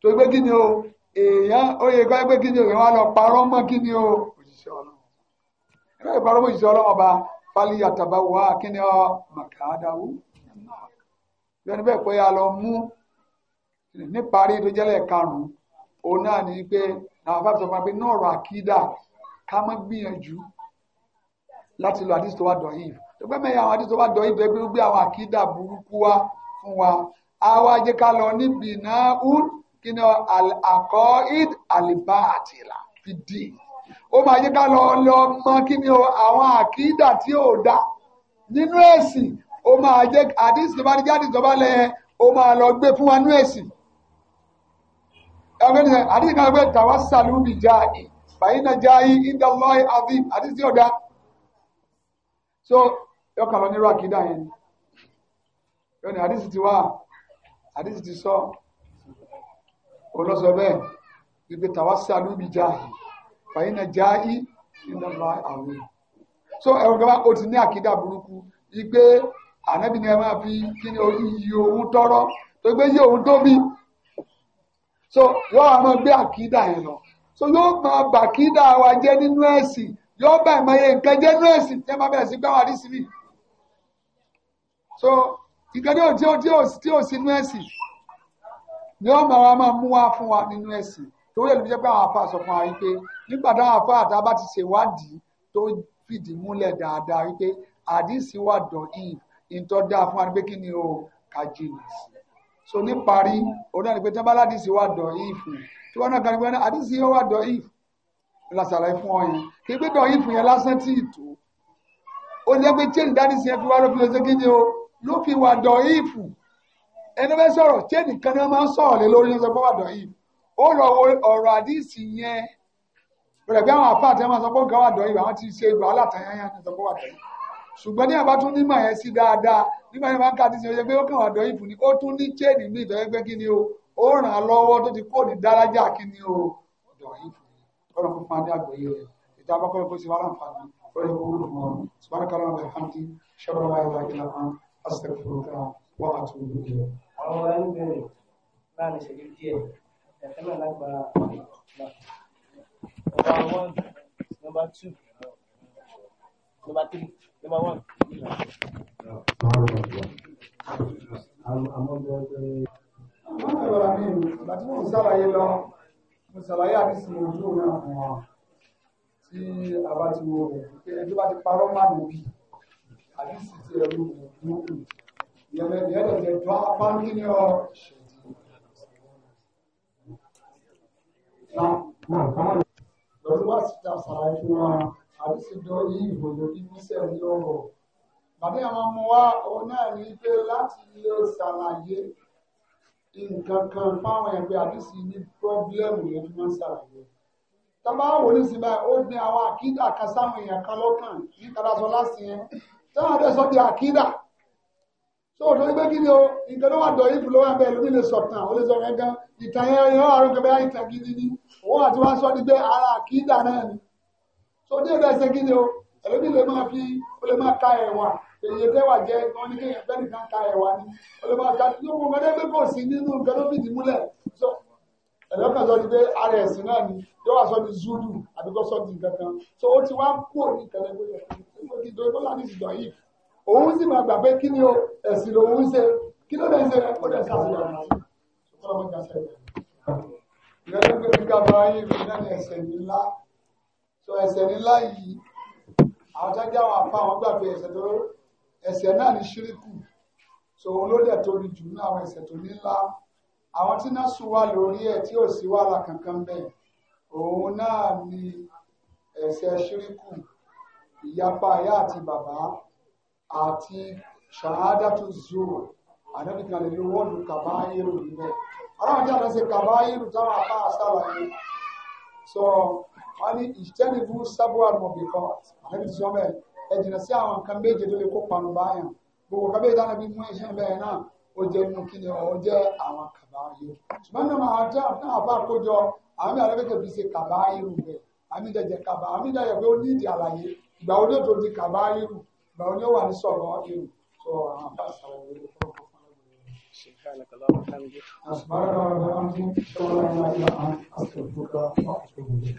tó gbé kí ni o èèyàn ó Pali yàtàbá wá kíni ọ màkàdáwó lónìí bẹ́ẹ̀ pé a lọ mú níparí tó jẹ́lẹ̀ karùn-ún òun náà ní pé àwọn bàbá sọ̀rọ̀ pé náà rọ àkídà ká má gbìyànjú láti lo àdìsí tó wà dọ̀yìn ìgbẹ́ mẹ́yà àwọn àdìsí tó wà dọ̀yìn bẹ́ẹ̀ àwọn àkídà burúkú wá fún wa àwa jẹ́ ká lọ níbi náà ún kíni ọ àkọ́ id àlìbá àtìlà fìdí ó máa yẹ ká lọ lọ mọ kí ni àwọn àkídà tí ò dá nínú ẹ̀sìn ó máa jẹ́ àdísì tó bá ní jáde ìjọba lẹ́yìn ó máa lọ gbé fún wa nínú ẹ̀sìn. ẹgbẹ́ nìyẹn àdísì kan gbé tàwa sàlùbì jáì bàyínà jáì ìdánwòye àbí àdísì tí ò dá. so yọkàn lọ nírú àkídà yẹn yọni àdísì ti wá àdísì ti sọ òun lọ sọ bẹ́ẹ̀ ìgbé tàwa sàlùbì jáì fàyínà já í iná ma àwọn so ẹ̀rọ gbọ́dọ̀ o ti ní àkídà burúkú igbe ànábì ni ẹ máa fi kí ni iye òun tọrọ tó gbé iye òun tóbi so yóò wá máa gbé àkídà yẹn lọ so yóò máa bà àkídà wa jẹ́ nínú ẹ̀sìn yóò bá ìmọ̀ye nǹkan jẹ́ nínú ẹ̀sìn tí ẹ máa bẹ̀rẹ̀ sí gbá wa dísìlì so nǹkan tí ò tí ò tí ò sí nínú ẹ̀sìn ni wọ́n máa wá máa mú wá fún wa nínú ẹ̀sìn torí ẹ̀ ló fi jẹ́ pé àwọn afa sọ fún wa wípé nígbà táwọn afọ àtàbà ti ṣèwádìí tó fìdí múlẹ̀ dáadáa wípé àdìsí wà dọ̀yìn ìtọ́ dáa fún wa ni pé kí ni o ká jìnnà sí so níparí òun náà ni pé tí wọn bá ládìsí wà dọ̀yìn fún tí wọn náà kan ní pé àdìsí yóò wà dọ̀yìn fún lásàlàyé fún ọyàn kí pé dọ̀yìn fún yẹn lásán tí ì tó ó ní pé chain dádìsí yẹn fi wá ló fi lè ṣe kí ni o ló fi wà dọ̀yìn fún ẹni bẹ́ẹ̀ sọ̀rọ̀ chain kan ni wọ́n máa ń sọ̀rọ̀ lé lórí ní sọ pé wà dọ̀yìn ó lọ wo ọ̀rọ̀ àdìsí yẹn bẹ̀rẹ̀ bí àwọn apá àti ẹ̀ máa sọ pé nǹkan wà dọ̀yìn àwọn ti ṣe wàhálà tàyáyá ní ìtọ́pọ̀ wà dọ̀yìn ṣùgbọ́n ní àbá tún nímọ̀ yẹn sí dáadáa nígbà yẹn máa ń ka ti ṣe oye pé ó kàn wà dọ̀yìn fún ni ó tún ní chéènì ní ìtọ́jú pé kí ni o ó ràn án lọ́wọ́ tó ti kó ní dárájà kí ni o dọ̀yìn fún ni ọ̀rọ̀ fún fún adé àgbẹ̀yẹ rẹ̀ ìta bá kọ́lé kó ṣe wàhálà fún mi ọ̀rọ̀ ìwọ̀n olùkọ́ wọn ṣùgbọ́n kálọ̀ ọ̀rọ̀ ìhàmdí ṣẹ́wọ́n wáyé wáyé lọ́wọ́ àṣìṣe fún ọ̀gá wọn àti olùkọ́. àwọn ará ń Number one, number two, number three, number one. Ìgbà tí mo ń ṣàlàyé lọ, mo ṣàlàyé àdìsí mo ojú òun náà fún wa tí a bá ti wo rẹ̀ ẹni tó bá ti parọ́ máa lò bí àdìsí ti ẹ̀rọ òkú ìyẹn lẹ́yìn ẹ̀rọ ìjẹ́jọ́ apá ń come on lọ́dún wá sí ta ṣàlàyé fún wa àbí sì dọ́ ní ìbòjò ní ọ̀rọ̀. Bàbá àwọn ọmọ wa òun náà ní pé láti lè ṣàlàyé nǹkan kan fáwọn ẹgbẹ́ àbí sì ní pírọ́bílẹ́mù yẹn tí wọ́n ṣàlàyé. Tọ́ba wò ní sí báyìí, ó ní àwọn àkídà kan sáwọn èèyàn kan lọ́kàn ní Kadàsọ́lá sí yẹn. Tọ́ba tó o tó ń gbé kí ni o nǹkan tó wà dọ̀ yìí fúlọ́wọ́ abẹ́ ló ní lè sọ tán o lè sọ gangan ìtàn yẹn yẹn wà rúkẹ́ bẹ́ẹ̀ ìtàn gidi ni òun àti wá sọ ní pé ara kì í dà náà ni tó dé ìdá ẹsẹ̀ kí ni o ẹlòmí lè máa fi o lè máa ka ẹ̀wà èyí tẹ́wà jẹ́ wọn ní kéèyàn bẹ́ẹ̀ nìkan ka ẹ̀wà ni o lè máa ka ní o mọ̀ ẹ́ pé kò sí nínú nǹkan tó fìdí múlẹ̀ ẹ̀lọ́ kan sọ ni pé ara ni zulu àbíkọ́ sọ ni nǹkan kan so ó ti wá kúrò ní ìtẹ̀lẹ́gbẹ̀rẹ̀ òun sì máa gbà pé kí ni o ẹ̀sìn lòun ń ṣe kí ló dé ṣe rẹ ó dẹ̀ ṣàṣeyọrí ìrẹ́lẹ́ pé bí kábà ayé mi náà ni ẹ̀ṣẹ̀ ńlá sọ ẹ̀ṣẹ̀ ńlá yìí àwọn tájà wà fún àwọn gbà pé ẹ̀ṣẹ̀ tó ẹ̀ṣẹ̀ náà ni ṣíríkù so òun ló dẹ̀ tóbi jù ní àwọn ẹ̀ṣẹ̀ tó nílá àwọn tí náà sùn wà lórí ẹ̀ tí ò sí wàhálà kankan bẹ́ẹ̀ òun náà ni ẹ̀ṣẹ̀ ṣíríkù ìyapa ìyá àti bàbá àti ṣahadatu zoro ànábì kan lè lo wọ́ọ̀dù kàbáyérò níbẹ̀ aláwọ̀ tí a lọ sí kàbáyérò táwọn apá àṣàlàyé sọ wọn ní ìṣẹ́nìbù sábúà mọ̀bì kan ànábì tí wọ́n bẹ̀ ẹ jìnnà sí àwọn nǹkan méje tó lè kó panu báyàn gbogbo nǹkan méje táwọn ẹbí mú iṣẹ́ bẹ́ẹ̀ náà ó jẹ́ nínú kí ni ó jẹ́ àwọn kàbáyérò ṣùgbọ́n náà máa jẹ́ náà bá kójọ àmì àrẹ́bẹ̀tẹ̀ fi ṣe kàbáyérò bẹ́ẹ̀ àmì jẹjẹ kàbá àmì jẹjẹ pé ó ní ìdí àlàyé ìgbà wo ló tó di kàbáyérò báwo ni ó wà ní sọ̀rọ̀ ọ̀hún tó àwọn àbáṣà wọlé fún ọkọ̀ fún ọ̀gbìn. سبحانك اللهم وبحمدك أشهد أن لا إله إلا أنت أستغفرك وأتوب إليك